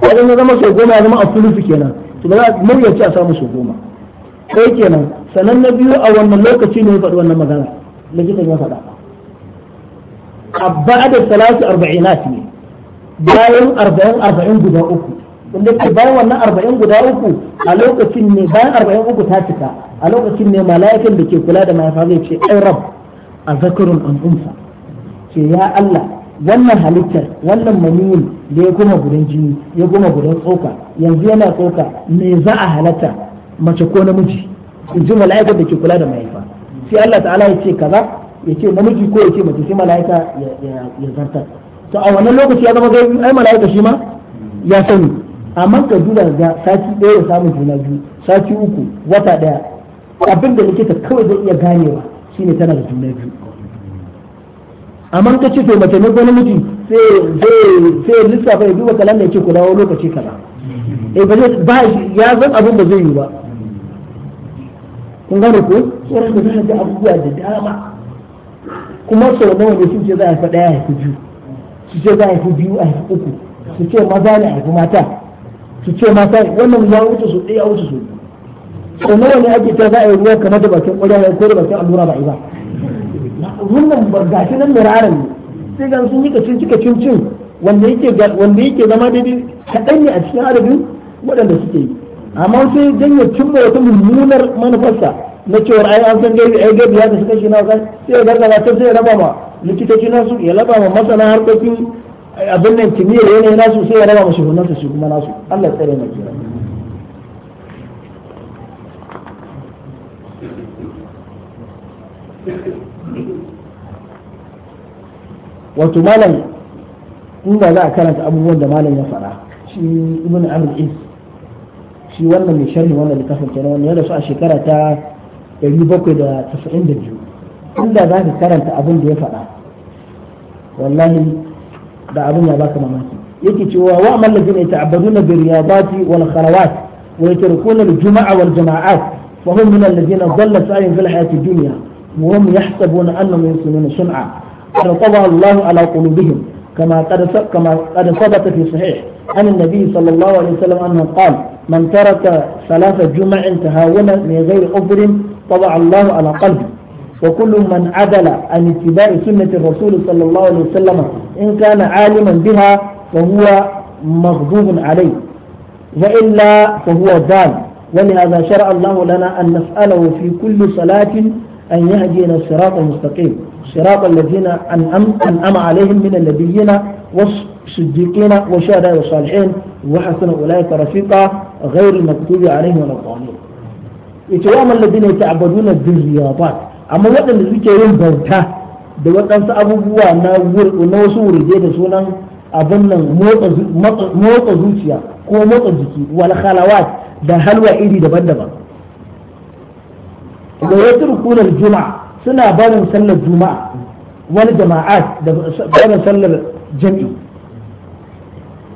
wajen ya zama sau goma ya zama a su kenan to ba za mawaci a samu sau goma kai kenan sanan na biyu a wannan lokaci ne ya faɗi wannan magana likitan ya faɗa a ba'da salatu arba'inat ne bayan arba'in arba'in guda uku inda ke bayan wannan arba'in guda uku a lokacin ne bayan arba'in uku ta cika a lokacin ne mala'ikan da ke kula da mahaifa zai ce ai rab a zakarun an ce ya Allah wannan halittar wannan maniyin da ya goma gudan jini ya goma gudan tsoka yanzu yana tsoka me za a halatta mace ko namiji in ji mala'ikan da ke kula da mahaifa sai Allah ta'ala ya ce kaza ya ce namiji ko ya ce mace sai mala'ika ya zartar to a wannan lokaci ya zama zai ai mala'ika shi ma ya sani amma ka duba ga sati ɗaya da samun juna biyu sati uku wata ɗaya abin da likita kawai zai iya ganewa shine tana da juna biyu amma ka ce to mace ne gwani miji sai sai lissafa ya duba da ya ce ku dawo lokaci kaza eh ba zai ba ya zan abin da zai yi ba kun gane ko tsoron da zai ga abubuwa da dama kuma sau nawa ne sun ce za a faɗa ya haifi biyu su ce za a haifi biyu a haifi uku su ce maza ne a haifi mata Su ce ma wannan ya wuce su ɗaya wuce su ko nawa ne ake ta za a yi ruwa kamar da bakin ƙwarya ya ko da bakin allura ba a yi ba wannan bargashi nan miraran ne sai ga sun yi cin cika cin cin wanda yake wanda yake zama daidai kaɗan ne a cikin adadin waɗanda suke yi amma sai dan ya cimma wata mummunar manufarsa na cewar ai an san gaibi ai gaibi ya kasu kashi na wasa sai ya gargaza ta sai ya raba ma likitoci na su ya raba ma masana harkokin abin nan kimiyyar yanayi nasu sai ya raba mashi gunan su kuma nasu Allah tsare mai kira wato malam inda za a karanta abubuwan da malam ya fara shi ibn amr is shi wannan mai sharhi wannan littafin kenan wannan ya rasu a shekara ta 792 inda za ka karanta abin da ya faɗa wallahi da abin ya baka mamaki yake cewa wa amal ladina yata'abbaduna bi riyadati wal kharawat wa yatrukuna al juma'a wal jama'at fa hum min alladina dhalla sa'in fil hayati dunya wa hum yahsabuna annahum yusinnuna sun'a فطبع الله على قلوبهم كما قد كما قد ثبت في صحيح عن an nabiy sallallahu عليه wasallam انه qala man taraka ثلاث جمع tahawuna min غير عذر طبع Allahu ala قلبه وكل من عدل عن اتباع سنة الرسول صلى الله عليه وسلم إن كان عالما بها فهو مغضوب عليه وإلا فهو ضال ولهذا شرع الله لنا أن نسأله في كل صلاة أن يهدينا الصراط المستقيم صراط الذين أنعم عليهم من النبيين والصديقين والشهداء والصالحين وحسن أولئك رفيقا غير المكتوب عليهم ولا الضالين يتوامى الذين يتعبدون بالرياضات amma waɗanda suke yin bauta da waɗansu abubuwa na wasu wurge da sunan abin nan motsa zuciya ko motsa jiki wal khalawat da halwa iri daban-daban da ya turkuna juma'a suna barin sallar juma'a wani jama'at da barin sallar jami'i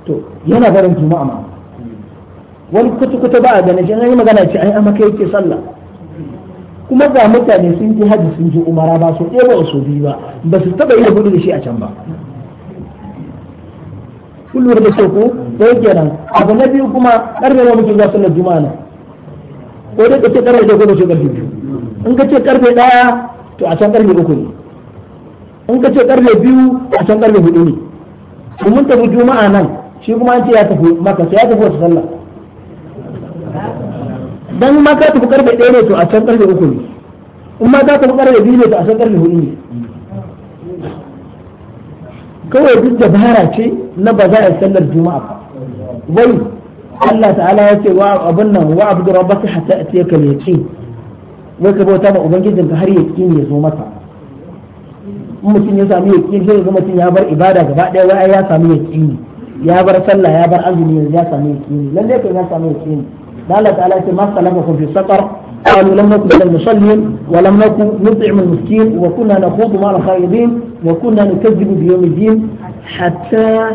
to yana barin juma'a ma wani kuta-kuta ba a ganin shi an yi magana ce yi amma kai yake sallah kuma ga mutane sun je haji sun je umara ba su ɗaya ba su biyu ba ba su taɓa yi hudu da shi a can ba kullum lura da ko da yake nan abu na biyu kuma ƙarfe ma za su sallar juma'a na. ko dai ka ce ƙarfe ɗaya ko ka ce ƙarfe biyu in ka ce ƙarfe ɗaya to a can ƙarfe uku ne in ka ce ƙarfe biyu a can ƙarfe hudu ne to mun tafi juma'a nan shi kuma an ce ya tafi maka sai ya tafi wasu sallah dan ma ka tafi karfe ɗaya ne to a can karfe uku ne in ma ka tafi karfe biyu ne to a can karfe hudu ne kawai duk dabara ce na ba za a sallar juma'a ba wai Allah ta'ala ya ce wa abun nan wa abdu rabbaka hatta atiyaka yaqin wai ka bauta ma ubangijin ka har yaqin ya zo maka in mutum ya sami yaqin sai ga mutum ya bar ibada gaba ɗaya wai ya sami yaqin ya bar sallah ya bar azumi ya sami yaqin lalle kai ya sami yaqin دالت على اتماس طلبكم في السفر قالوا لم نكن من المصلين ولم نكن نطعم المسكين وكنا نخوض مع الخائبين وكنا نكذب بيوم الدين حتى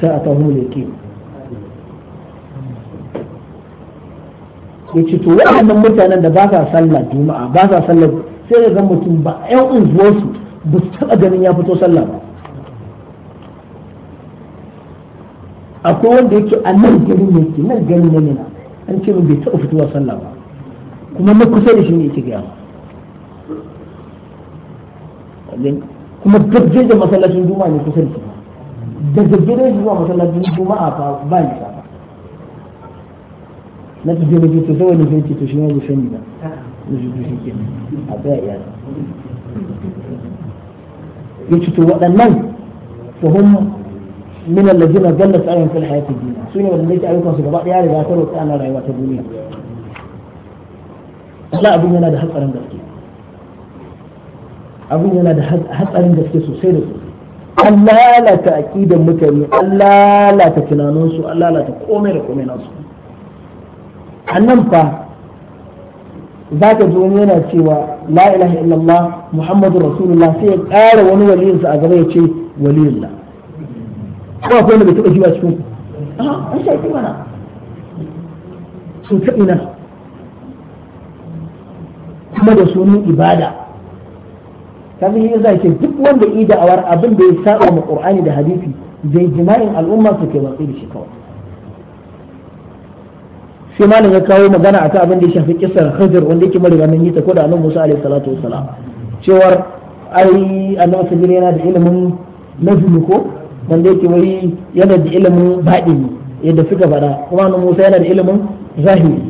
ساتهم اليقين ya ce to waɗannan mutanen da ba sa sallah juma'a ba sa sallah sai ga mutum ba ƴan unguwarsu ba su taɓa ganin ya fito sallah ba akwai wanda yake a nan ne ke nan garin na mina an ce min bai taɓa fitowa sallah ba kuma na kusa da shi ne yake gaya kuma dabje da masallacin juma'a ne kusa da shi daga da shi zuwa masallacin juma'a fa ba ni ba na tafi da jita sai wani sai to shi ne bai sani ba na shi to shi ke a tsaya iya ya ce to waɗannan tuhumma min alladhina dalla sa'yuhum fil hayati dunya sune wanda yake ayyukan su gaba daya riga ta roƙi ana rayuwa ta duniya Allah abin yana da da hatsarin gaske sosai da sosai an lalata aqidan mutane an lalata tunaninsu an lalata komai da komai nasu annan fa za ka ji wani yana cewa la ilaha illallah muhammadu rasulullah sai ya ƙara wani waliyinsa a gaba ya ce waliyullah ko akwai wanda bai taɓa jiwa cikin ku a an shaƙi mana sun taɓi ina kuma da sunan ibada kaga yi zai ce duk wanda yi da'awar abin da ya saba ma qur'ani da hadisi bai jima'in al'umma su ke watsi da shi kawai sai malam ya kawo magana a akan abin da ya shafi kisar hajjar wanda yake mara ganin yi ta ko da annabi Musa alaihi salatu wassalam cewar ai annabi sallallahu yana da ilimin nazmi ko wanda yake wai yana da ilimin baɗini yadda suka faɗa kuma annabi Musa yana da ilimin zahiri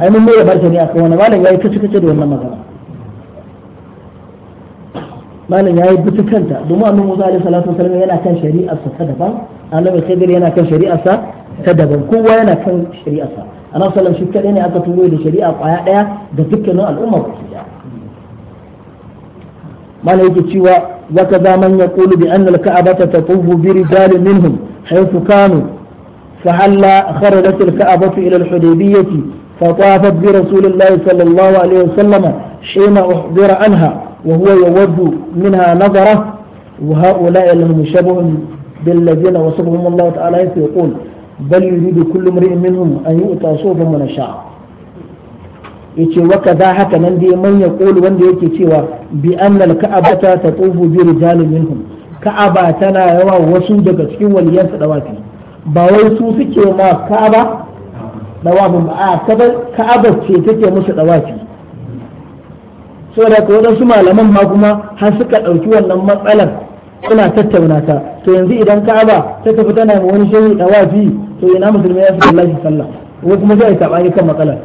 ai mun mai barka ne akan wannan malam yayi kace kace da wannan magana malam yayi butu kanta domin annabi Musa alaihi salatu wasallam yana kan shari'ar sa ta daban annabi Khidir yana kan shari'ar sa ta daban kowa yana kan shari'ar sa annabi sallallahu alaihi wasallam shi kadai ne aka turo da shari'a kwaya daya ga dukkanin al'umma ku ما yake وكذا من يقول بأن الكعبة تطوف برجال منهم حيث كانوا فهلا خرجت الكعبة إلى الحديبية فطافت برسول الله صلى الله عليه وسلم حين أحضر عنها وهو يود منها نظره وهؤلاء لهم شبه بالذين وصفهم الله تعالى يقول بل يريد كل امرئ منهم أن يؤتى صوفا من الشعب yace waka za haka nan dai man yaqulu wanda yake cewa bi annal ka'abata tatufu bi rijalin minhum ka'aba tana yawa wasu daga cikin waliyan su dawafi ba wai su suke ma ka'aba dawafin ba a ka'aba ce take musu dawafi saboda ko wadansu malaman ma kuma har suka dauki wannan matsalar suna tattauna ta to yanzu idan ka'aba ta tafi tana ma wani shehi dawafi to ina musulmai ya fi sallah sallah ko kuma sai a tabani kan matsalar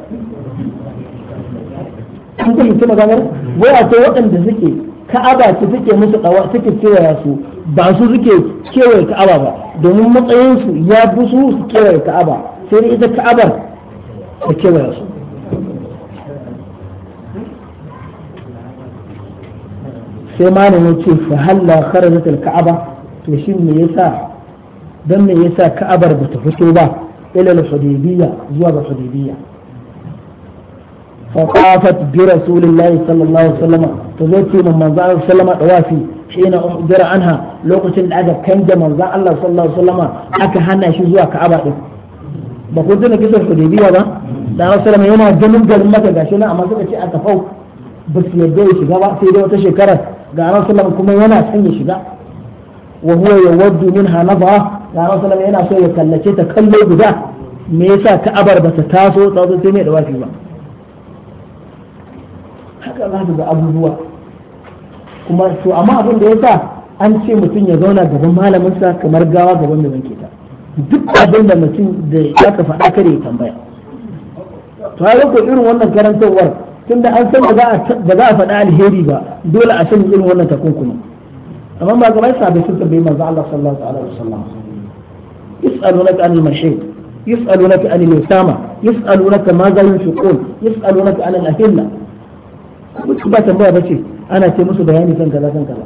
kun fahimci maganar wai ce waɗanda suke ka'aba ce suke musu dawa suke kewaya su ba su suke kewaye ka'aba ba domin matsayin ya fi su su kewaye ka'aba sai dai ita ka'abar ta kewaya su sai ma ya ce fa halla kharajat al ka'aba to shin me yasa dan me yasa ka'abar ba ta fito ba ila al hudaybiyya zuwa ga hudaybiyya فطافت برسول الله صلى الله عليه وسلم تزوجي من منزع الله صلى الله عليه وسلم وافي حين أمدر عنها لو كنت أجا كنج منزع الله صلى الله عليه وسلم أكا هنا شزوا كعبا ba kun tuna kisar hudaybiya ba da yana ganin garin maka gashi nan amma suka ce a tafau ba su yarda ya shiga ba sai dai wata shekarar ga Allah kuma yana son ya shiga wa huwa yawaddu minha nadha ga Allah sallama yana so ya tallace ta kallo guda me yasa ka'abar bata ta taso ta dawafi ba haka za ga abubuwa kuma to amma abin da ya sa an ce mutum ya zauna gaban malaminsa kamar gawa gaban mai wanke ta duk abin da mutum da ka faɗa kare ya tambaya to ya ko irin wannan karantarwar tunda an san ba za a faɗa alheri ba dole a san irin wannan takunkumi amma ba ga mai sabai sun tambayi manzo Allah sallallahu alaihi wasallam yas'alunaka anil mashayikh yas'alunaka anil yusama yas'alunaka ma za yunfiqun yas'alunaka anil ahilla mutum ba tambaya ba ce ana ce musu bayani kan kaza kan kaza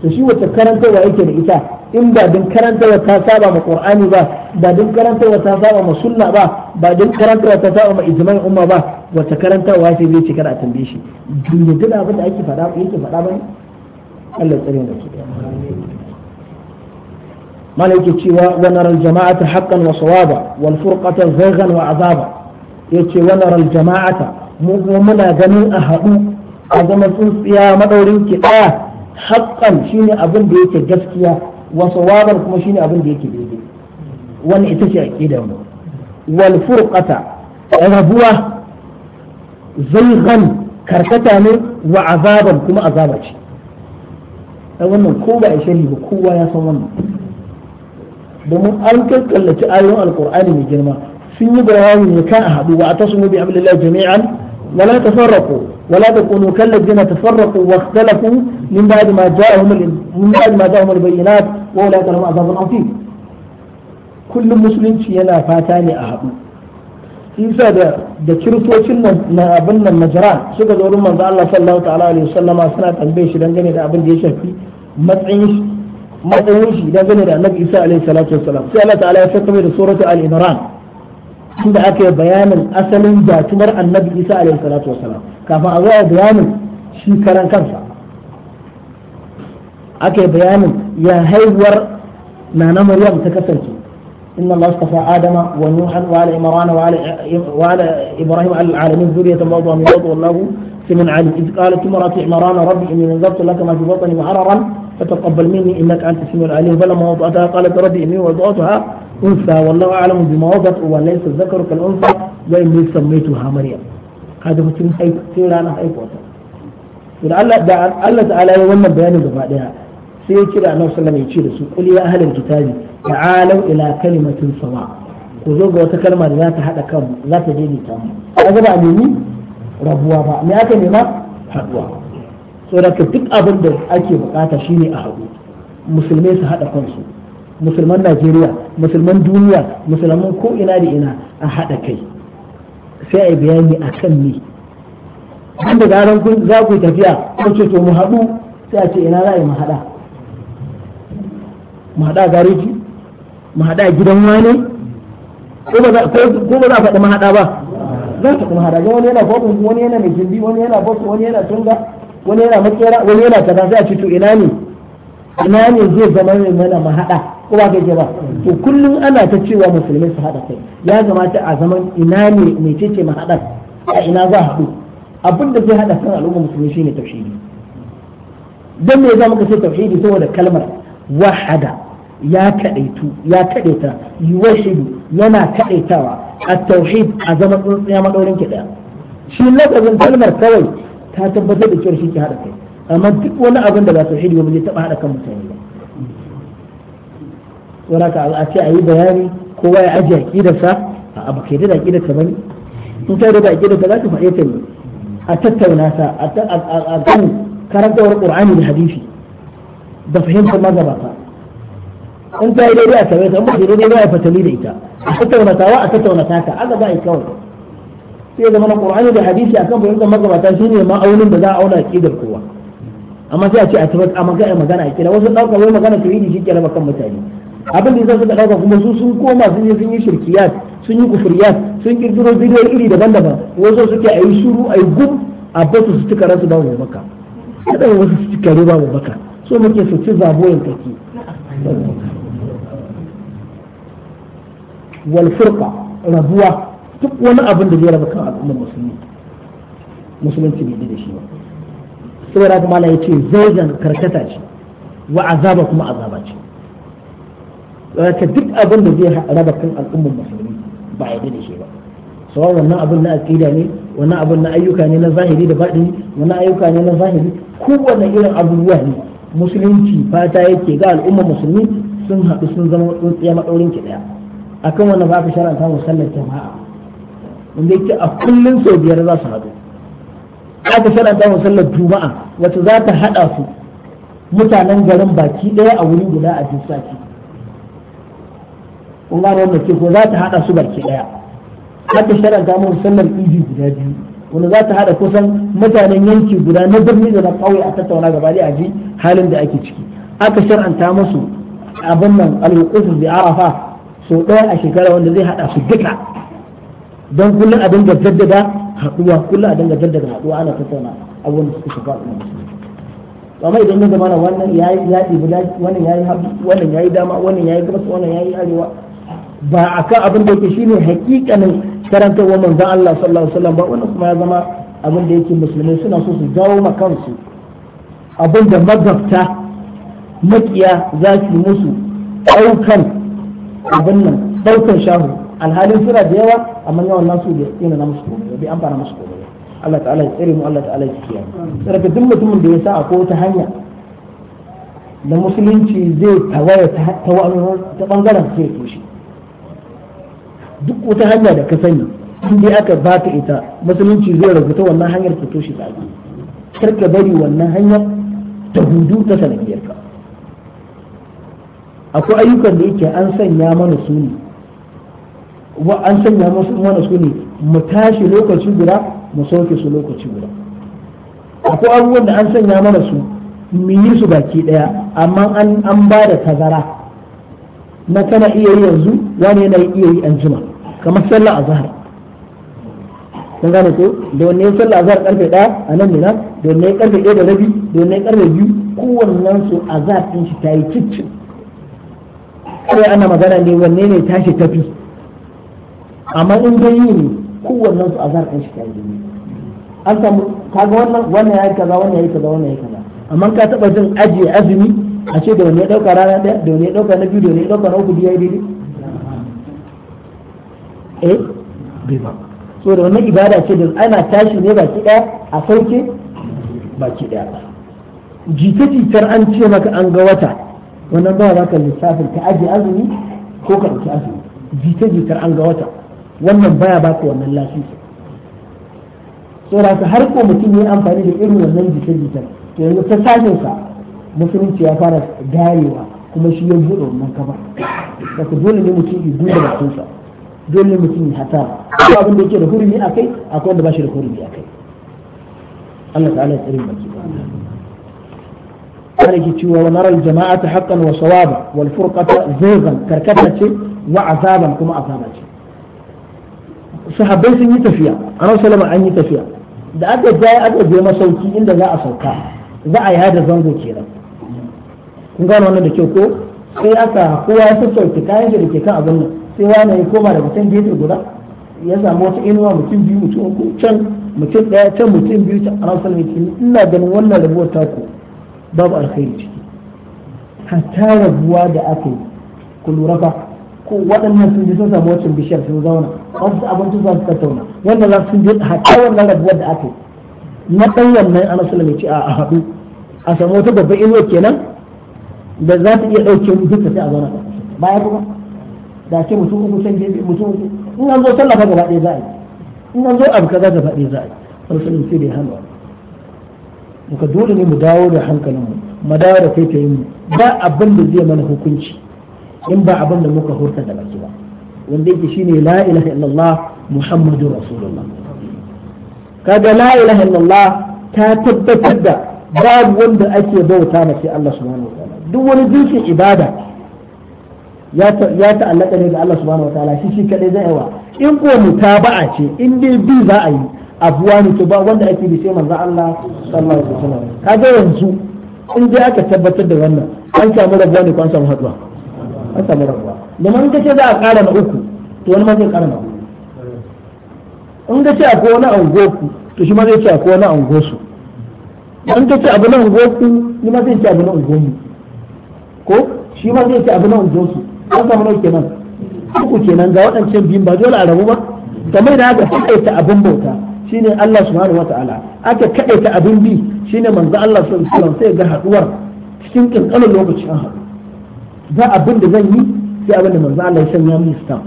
to shi wata karantarwa yake da ita in ba din karantarwa ta saba ma qur'ani ba ba din karantarwa ta saba ma sunna ba ba din karantarwa ta saba ma ijma'in umma ba wata karantarwa ce zai kada a tambaye shi duniya duk abin da ake faɗa yake faɗa ba Allah tsare mu mana yake cewa wa naral jama'ata haqqan wa sawaba wal furqata zaghan wa azaba yace wa naral jama'ata mu muna ganin a haɗu a zama tsintsiya maɗaurin ki daya shine abin da yake gaskiya wasu sawaban kuma shine abin da yake daidai wani ita ce aqida mu wal furqata rabuwa zaigan karkata ne wa azaban kuma azaba ce a wannan ko ba a ba kowa ya san wannan domin an kakkallaci ayoyin Alƙur'ani mai girma sun yi bayani ne kan a haɗu wa a tasu mu bi amlillahi jami'an ولا تفرقوا ولا تكونوا كالذين تفرقوا واختلفوا من بعد ما جاءهم من بعد ما جاءهم البينات واولئك لهم عذاب عظيم كل مسلم شيء لا فاتاني اعظم. إنسى ده ده كرتوا كنا نقبلنا المجرى شو قد أقول الله صلى الله تعالى عليه وسلم ما سنات البيش ده جنيد قبل ديشة في ما تعيش ما تعيش ده جنيد النبي إسحاق عليه الصلاة والسلام سألت على سورة آل عمران tunda aka yi bayanin asalin datumar annabi isa alaihi salatu wasalam kafin a zuwa bayanin shi karan kansa aka yi bayanin ya haihuwar nana maryam ta kasance إن الله اصطفى آدم ونوحا وعلى عمران وعلى إبراهيم على العالمين ذرية موضوع من موضوع الله سمن علي إذ قالت امرأة عمران ربي إني نذرت لك ما في بطني محررا فتقبل مني إنك أنت السميع العليم فلما وضعتها قالت ربي إني وضعتها أنثى والله أعلم بما zakaru وليس الذكر كالأنثى وإني سميتها مريم هذا mutum sai ranar haihuwarta da Allah da Allah ta'ala ya wannan bayani gaba daya sai ya kira Annabi sallallahu alaihi wasallam ya ce da su qul ya ahlal kitabi ta'alu ila kalimatin sawa ku zo wata kalma da za ta hada kan za ta daidaita mu kaga ba nemi rabuwa ba me aka nema haduwa duk abin da ake bukata shine a musulmai su hada kansu musulman najeriya musulman duniya musulman ko ina da ina a haɗa kai sai a yi bayani a kan ne da garan kun za ku tafiya ko ce to mu haɗu sai a ce ina za a yi mu haɗa mu haɗa gareji mu haɗa gidan wane ko ba za a faɗi mu haɗa ba za ka kuma haɗa wani yana faɗin wani yana mai jimbi wani yana fasu wani yana tunga wani yana makera wani yana kaza sai a ce to ina ne ina ne zai zama mai mana mu haɗa ko ba gaje ba to kullum ana ta cewa musulmai su haɗa kai ya zamata a zaman ina ne ma mahaɗar a ina za a haɗu abin da zai haɗa kan al'umma musulmi shine tauhidi don me za ka ce tauhidi saboda kalmar wahada ya kadaitu ya kadaita yuwashidu yana kadaitawa a tauhid a zaman tsuntsiya madaurin ki daya shi lafazin kalmar kawai ta tabbatar da cewa shi ke haɗa kai amma duk wani abin da ba tauhidi ba zai taɓa haɗa kan mutane wala ka a ce a yi bayani kowa ya ajiye aƙidarsa a ba ka yi da aƙidarsa ba in ka yi da aƙidarsa za ka faɗe ta ne a tattauna ta a kan karantawar ƙur'ani da hadisi da fahimtar magabata in ta yi daidai a tawaita in ba ta daidai ba a fatali da ita a tattauna wa a tattauna taka ka za a yi kawai sai zama na ƙur'ani da hadisi akan fahimtar magabata shine ma'aunin da za a auna aƙidar kowa amma sai a ce a tabbata a magana a kira wasu dauka wai magana yi shi ke raba kan mutane abin da zai suka dauka kuma su sun koma sun yi sun yi shirkiyat sun yi kufriyat sun kirkiro bidiyoyi iri daban-daban wasu suke a yi shuru a yi gum a basu su cika ransu babu baka kada wasu su cika riba babu baka so muke su ci zabo yin kaki wal furqa rabuwa duk wani abin da zai raba kan al'ummar musulmi musulunci bai da shi ba saboda kuma Allah ya ce zaujan karkata ce wa azaba kuma azaba ce ta duk abin da zai raba kan al'ummar musulmi ba a yi da shi ba sawa wannan abin na aqida ne wannan abin na ayyuka ne na zahiri da baɗini wannan ayyuka ne na zahiri kowanne irin abubuwa ne musulunci fata yake ga al'ummar musulmi sun haɗu sun zama tsuntsiya maɗaurin ki ɗaya akan wannan ba ka sharanta musallar jama'a wanda yake a kullum sau biyar za su haɗu ka sharanta musallar juma'a wacce za ta haɗa su mutanen garin baki ɗaya a wuri guda a duk sati kun gano wannan ce ko za ta hada su baki daya haka ta mu sallar idi guda biyu wanda za ta hada kusan mutanen yanki guda na birni da na kauye a tattauna gaba da aji halin da ake ciki aka ta musu abin nan al-qusr bi arafa so daya a shekara wanda zai hada su duka don kullum a dinga jaddada haduwa kullum a dinga jaddada haduwa ana tattauna abubuwan da suka shafa al'umma amma idan ya zama wannan ya yi ya wannan ya yi wannan ya yi dama wannan ya yi gabas wannan ya yi arewa ba a kan abin da yake ne hakikanin karantarwa manzan Allah sallallahu alaihi wasallam ba wannan kuma ya zama abin da yake musulmai suna so su jawo ma kansu abin da magabta makiya za su musu ɗaukan abin nan ɗaukan shahu alhalin suna da yawa amma yawan nasu da tsina na musu komai bai amfana musu komai Allah ta'ala ya tsere mu Allah ta'ala ya kiyaye sarka duk mutumin da ya sa ko wata hanya da musulunci zai tawaya ta bangaren sai ya toshe duk wata hanya da ka sani in dai aka ba ta ita musulunci zai rubuta wannan hanyar ta toshe ta kar ka bari wannan hanyar ta hudu ta sanadiyar ka akwai ayyukan da yake an sanya mana su ne wa an sanya mana su ne mu tashi lokaci guda mu sauke su lokaci guda akwai abubuwan da an sanya mana su mu yi su baki daya amma an an ba da tazara na kana iya yi yanzu wani yana iya yi an jima kamar sallar azhar kun gane ko da wanne ya sallar azhar karfe 1 a nan na, da wanne ya karfe 1 da rabi da wanne ya karfe 2 kowannen su azhar din shi tayi ciccin kai ana magana ne wanne ne tashi tafi amma in dai yi ne kowannen su azhar din shi tayi daidai an samu kaga wannan wannan yayi kaza wannan yayi kaza wannan yayi kaza amma ka taba jin ajiye azumi a ce da wanne ya dauka rana daya da wanne ya dauka na biyu da wanne ya dauka na uku yi daidai eh bai ba so da wannan ibada ce da ana tashi ne baki daya a sauke baki daya jita-jitar an ce maka an ga wata wannan ba za ka lissafin ka aje azumi ko ka ɗauki azumi jita-jitar an ga wata wannan baya baka wannan lafiya ka har ko mutum ya amfani da irin wannan jita-jitar to yanzu ta sashen sa musulunci ya fara garewa kuma shi ya buɗe wannan kaba da dole ne mutum ya duba sa. dole mutum ya hasara ko abin da yake da hurumi a kai akwai wanda ba shi da hurumi a kai Allah ta'ala ya tsirin baki ana ke cewa wa naral jama'ata haqqan wa sawaba wal furqata zaygan karkata ce wa azaban kuma azaba ce sahabbai sun yi tafiya annabi salama an yi tafiya da aka je aka je masauki inda za a sauka za a yada zango kenan kun gano wannan da kyau ko sai aka kowa ya sassauke kayan da ke kan abin nan sai wani ya koma daga can gefe guda ya samu wata inuwa mutum biyu mutum uku can mutum ɗaya can mutum biyu can a ranar ina ganin wannan rabuwar taku babu alkhairi ciki hatta rabuwa da aka yi ku lura fa ko waɗannan sun je sun samu wacin bishiyar sun zauna wasu abincin za su tattauna wannan za su je hatta wannan rabuwar da aka yi na ɗan wannan ana sulama ce a haɗu a samu wata babban inuwa kenan da za ta iya ɗauke duka sai a zauna ya kuma da ce mutum uku can gefe mutum uku in an zo sallah fa gaba ɗaya za a yi in an zo abu kaza gaba ɗaya za a yi rasulun sai bai hana muka dole ne mu dawo da hankalin mu mu dawo da kai taitayin mu ba abin da zai mana hukunci in ba abin da muka hurta da baki ba wanda yake shine la ilaha illallah muhammadu rasulullah kaga la ilaha illallah ta tabbatar da babu wanda ake bauta na sai Allah subhanahu wa ta'ala duk wani dukin ibada ya ta'allaka ne ga Allah subhanahu wataala shi shi kadai zai yawa in ko mutaba'a ce in dai bi za a yi abuwa ne to ba wanda ake bi sai manzo Allah sallallahu alaihi wasallam kaga yanzu in dai aka tabbatar da wannan an samu rabuwa ne ko an samu haduwa an samu rabuwa domin ka ce za a kara na uku to wani ma zai kara na uku in ka ce akwai wani ku to shi ma zai ce akwai wani su in ka ce abu na ku ni ma zai ce abu na mu ko shi ma zai ce abu na su an samu nau kenan uku kenan ga waɗancan biyun ba dole a rabu ba game da haka kaɗaita abin bauta shine Allah subhanahu wata'ala aka kaɗaita abin bi shine manzo Allah sallallahu alaihi wasallam sai ga haduwar cikin kankanin lokaci an haɗu ba abin da zan yi sai abin da manzo Allah ya sanya min stamp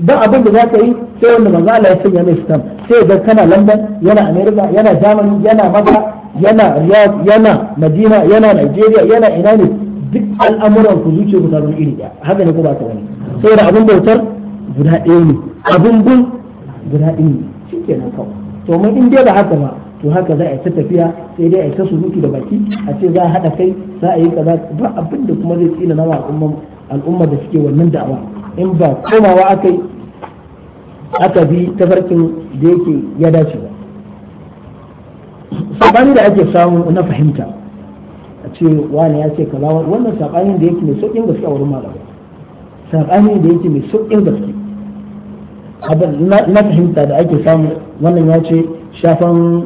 ba abin da za ka yi sai wanda manzo Allah ya sanya min stamp sai ga kana London yana America yana Germany yana Makka yana Riyadh yana Madina yana Nigeria yana ina ne duk al'amuran ku zuciya ku zama iri ɗaya haka ne ku ba ta wani saboda abin bautar guda ɗaya ne abin bun guda ɗaya ne shi kenan kawai to in dai ba haka ba to haka za a yi ta tafiya sai dai a yi ta surutu da baki a ce za a haɗa kai za a yi kaza ba abin da kuma zai tsina na al'ummar da suke wannan da'awa in ba komawa aka yi aka bi tafarkin da yake ya dace ba sabani da ake samu na fahimta ce wani ya ce kaza wannan sabanin da yake mai sauƙin gaske a wurin malamai sabanin da yake mai sauƙin gaske na fahimta da ake samu wannan ya ce shafan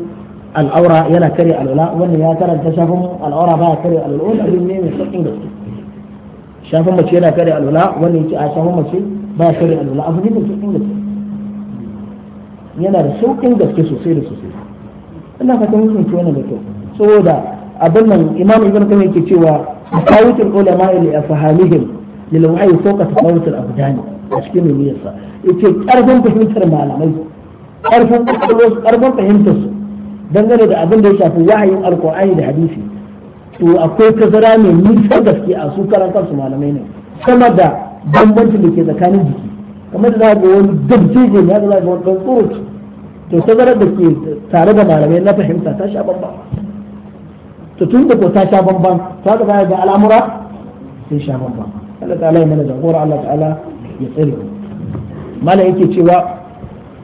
al'aura yana kare al'ula wannan ya karanta shafan al'aura ba kare al'ula abin ne mai sauƙin gaske shafan mace yana kare al'ula wannan ya ce a shafan mace ba kare al'ula abu ne mai sauƙin gaske yana da sauƙin gaske sosai da sosai ina fatan mutunci wannan da kyau saboda abin nan imam ibn kan yake cewa tafawutul ulama ila afahamihim lil wahyi fawqa tafawutul abdani a cikin niyyarsa yace karfin fahimtar malamai karfin karfin fahimtar su dangane da abin da ya shafi wahayin alqur'ani da hadisi to akwai tazara mai nisan gaske a su karan su malamai ne sama da bambancin da ke tsakanin jiki kamar da za ga wani dabjeje ne haka za ga wani tsoro to tazarar da ke tare da malamai na fahimta ta sha bambam to tun da ko ta sha bamban to haka za ga al'amura sai sha bamban Allah ta'ala ya mana jagora Allah ta'ala ya tsare mala yake cewa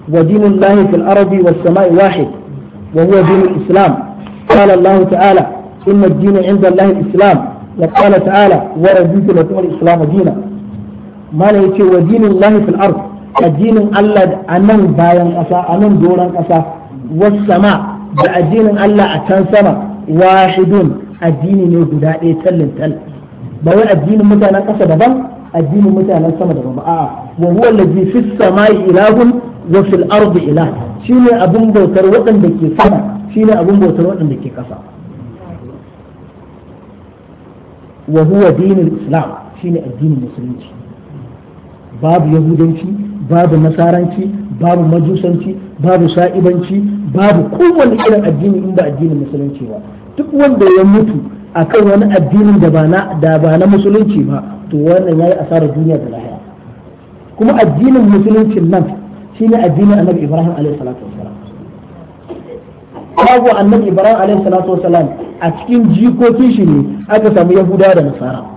wa lahi fil ardi was sama'i wahid wa huwa dinul islam qala Allah ta'ala inna ad-dina 'inda Allah al-islam wa qala ta'ala wa raditu lakum al-islam dinan mala yake wa lahi fil ardi addinin Allah anan bayan kasa anan doran kasa ƙasa was sama' da addinin Allah a can sama wahidun addini ne guda ɗaya tallin tal ba wai addinin mutanen ƙasa daban addinin mutanen sama daban ba a'a wa huwa allazi fis samai ilahun wa fil ardi ilah shine abun bautar waɗanda ke sama shine abun bautar waɗanda ke ƙasa wa huwa dinul islam shine addinin musulunci babu yahudanci babu nasaranci babu majusanci babu sha'ibanci babu kowane irin addini in ba addinin musulunci ba duk wanda ya mutu akan wani addinin da ba na da ba musulunci ba to wannan yayi asarar duniya da lahira kuma addinin musuluncin nan shine addinin Annabi Ibrahim alaihi salatu babu Annabi Ibrahim alaihi a cikin jikokin shi ne aka samu Yahudawa da Nasara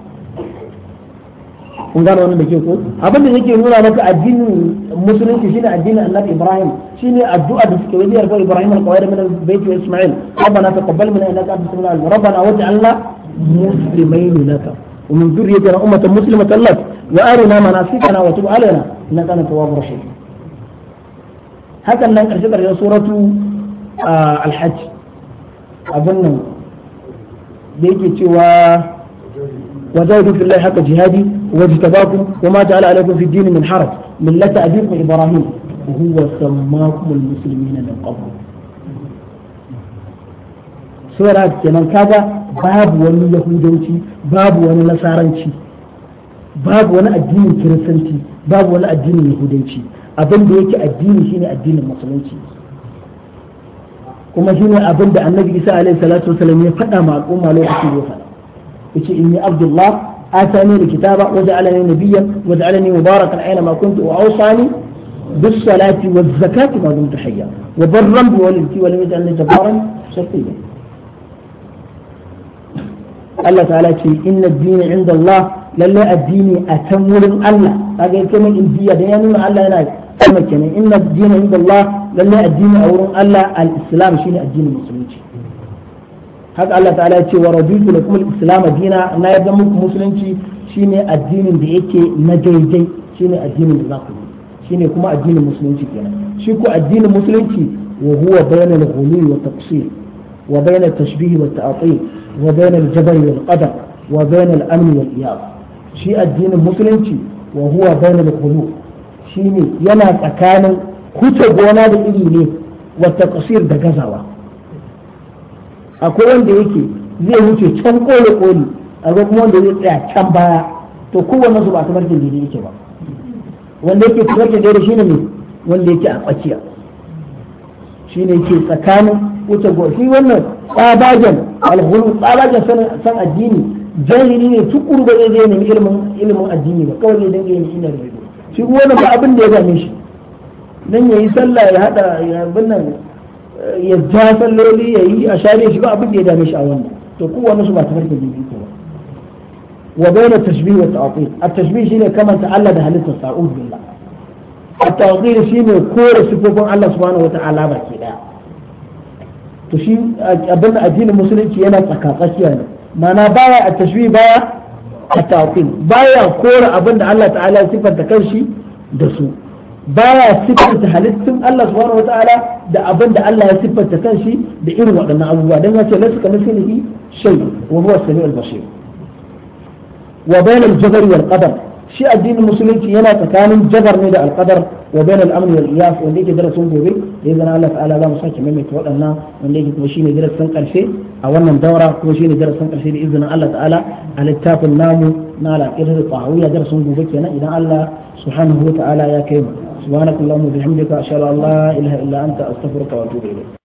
kun gano wannan da ke ko abin da yake nuna maka addinin musulunci shine addinin annabi ibrahim shine addu'a da suke yi yarfa ibrahim alqawaid min baiti isma'il rabbana taqabbal minna innaka antas samiul alim rabbana waj'alna muslimin laka ومن ذريتنا أمة مسلمة لك وأرنا مناسكنا وتب علينا إنك أنت التواب الرحيم. هكذا ننقل شكر سورة الحج أظن ديكي cewa. وجاهدوا في الله حق جهادي واجتباكم وما جعل عليكم في الدين من حرج من ملة أبيكم إبراهيم وهو سماكم المسلمين من قبل سورة كمان كذا باب ون يهودنتي باب ون نصارنتي باب ون أديني كرسنتي باب ون أديني يهودنتي أبن بيك أديني هنا الدين المسلمتي kuma shine abin da annabi isa alaihi salatu wasallam ya faɗa ma al'umma lokacin إني عبد الله آتاني الكتاب وجعلني نبيا وجعلني مباركا أينما كنت وأوصاني بالصلاة والزكاة ما دمت حيا وبرا بوالدتي ولم يجعلني جبارا شقيا الله تعالى إن الدين عند الله للا الدين أتمر يعني الله هذا كما إن دي دينا الله إن الدين عند الله للا الدين أورم الله الإسلام شيء الدين المسلمين haka Allah ta'ala ya ce wa raditu lakum al-islam dina na yarda muku musulunci shine addinin da yake na daidai shine addinin da za ku shine kuma addinin musulunci kenan shi ko addinin musulunci wa huwa bainal ghulu wa taqsir wa bainal tashbih wa ta'til wa bainal jabr wal qadar wa bainal amn wal iyad shi addinin musulunci wa huwa bainal ghulu shine yana tsakanin huce gona da iri ne wa taqsir da gazawa akwai wanda yake zai wuce can kone koli akwai kuma wanda zai tsaya can baya to kowanne su ba a barkin daidai yake ba wanda yake barkin daidai shi ne wanda yake a shi ne yake tsakanin wuce gobe shi wannan tsabajen alhulu tsabajen san addini jahili ne tukuru ba zai zai nemi ilimin ilimin addini ba kawai zai dinga yin ina rubutu shi wannan ba abin da ya gane shi ya yayi sallah ya hada ya binnan ya ja salloli ya yi a share shi ba abin da ya dame shi a wannan to kowanne musu ba ta farko bibi ko wa bayna tashbih wa ta'til at-tashbih shine kamanta Allah da halittar sa'ud billah at-ta'til shine kore sifofin Allah subhanahu wa ta'ala baki daya to shi abin da addinin musulunci yana tsakatsakiya ne mana baya at-tashbih baya at-ta'til baya kore abin da Allah ta'ala sifanta kanshi da su baya siffanta halittun Allah subhanahu wataala da abin da Allah ya siffanta kanshi da irin waɗannan abubuwa dan yace laysa kamithlihi shay wa huwa as-sami'ul basir wa bayna al-jabr wal qadar shi addinin musulunci yana tsakanin jabar ne da alqadar wa bayna al-amn wal iyaf wanda yake darasin gobe da yanzu Allah ta'ala za mu sake maimaita waɗannan wanda yake kuma shine darasin karshe a wannan daura kuma shine darasin karshe da izinin Allah ta'ala a littafin namu na al-aqidatu tahawiyya darasin gobe kenan idan Allah subhanahu wataala ya kai mu سبحانك اللهم وبحمدك أشهد أن لا إله إلا أنت أستغفرك وأتوب إليك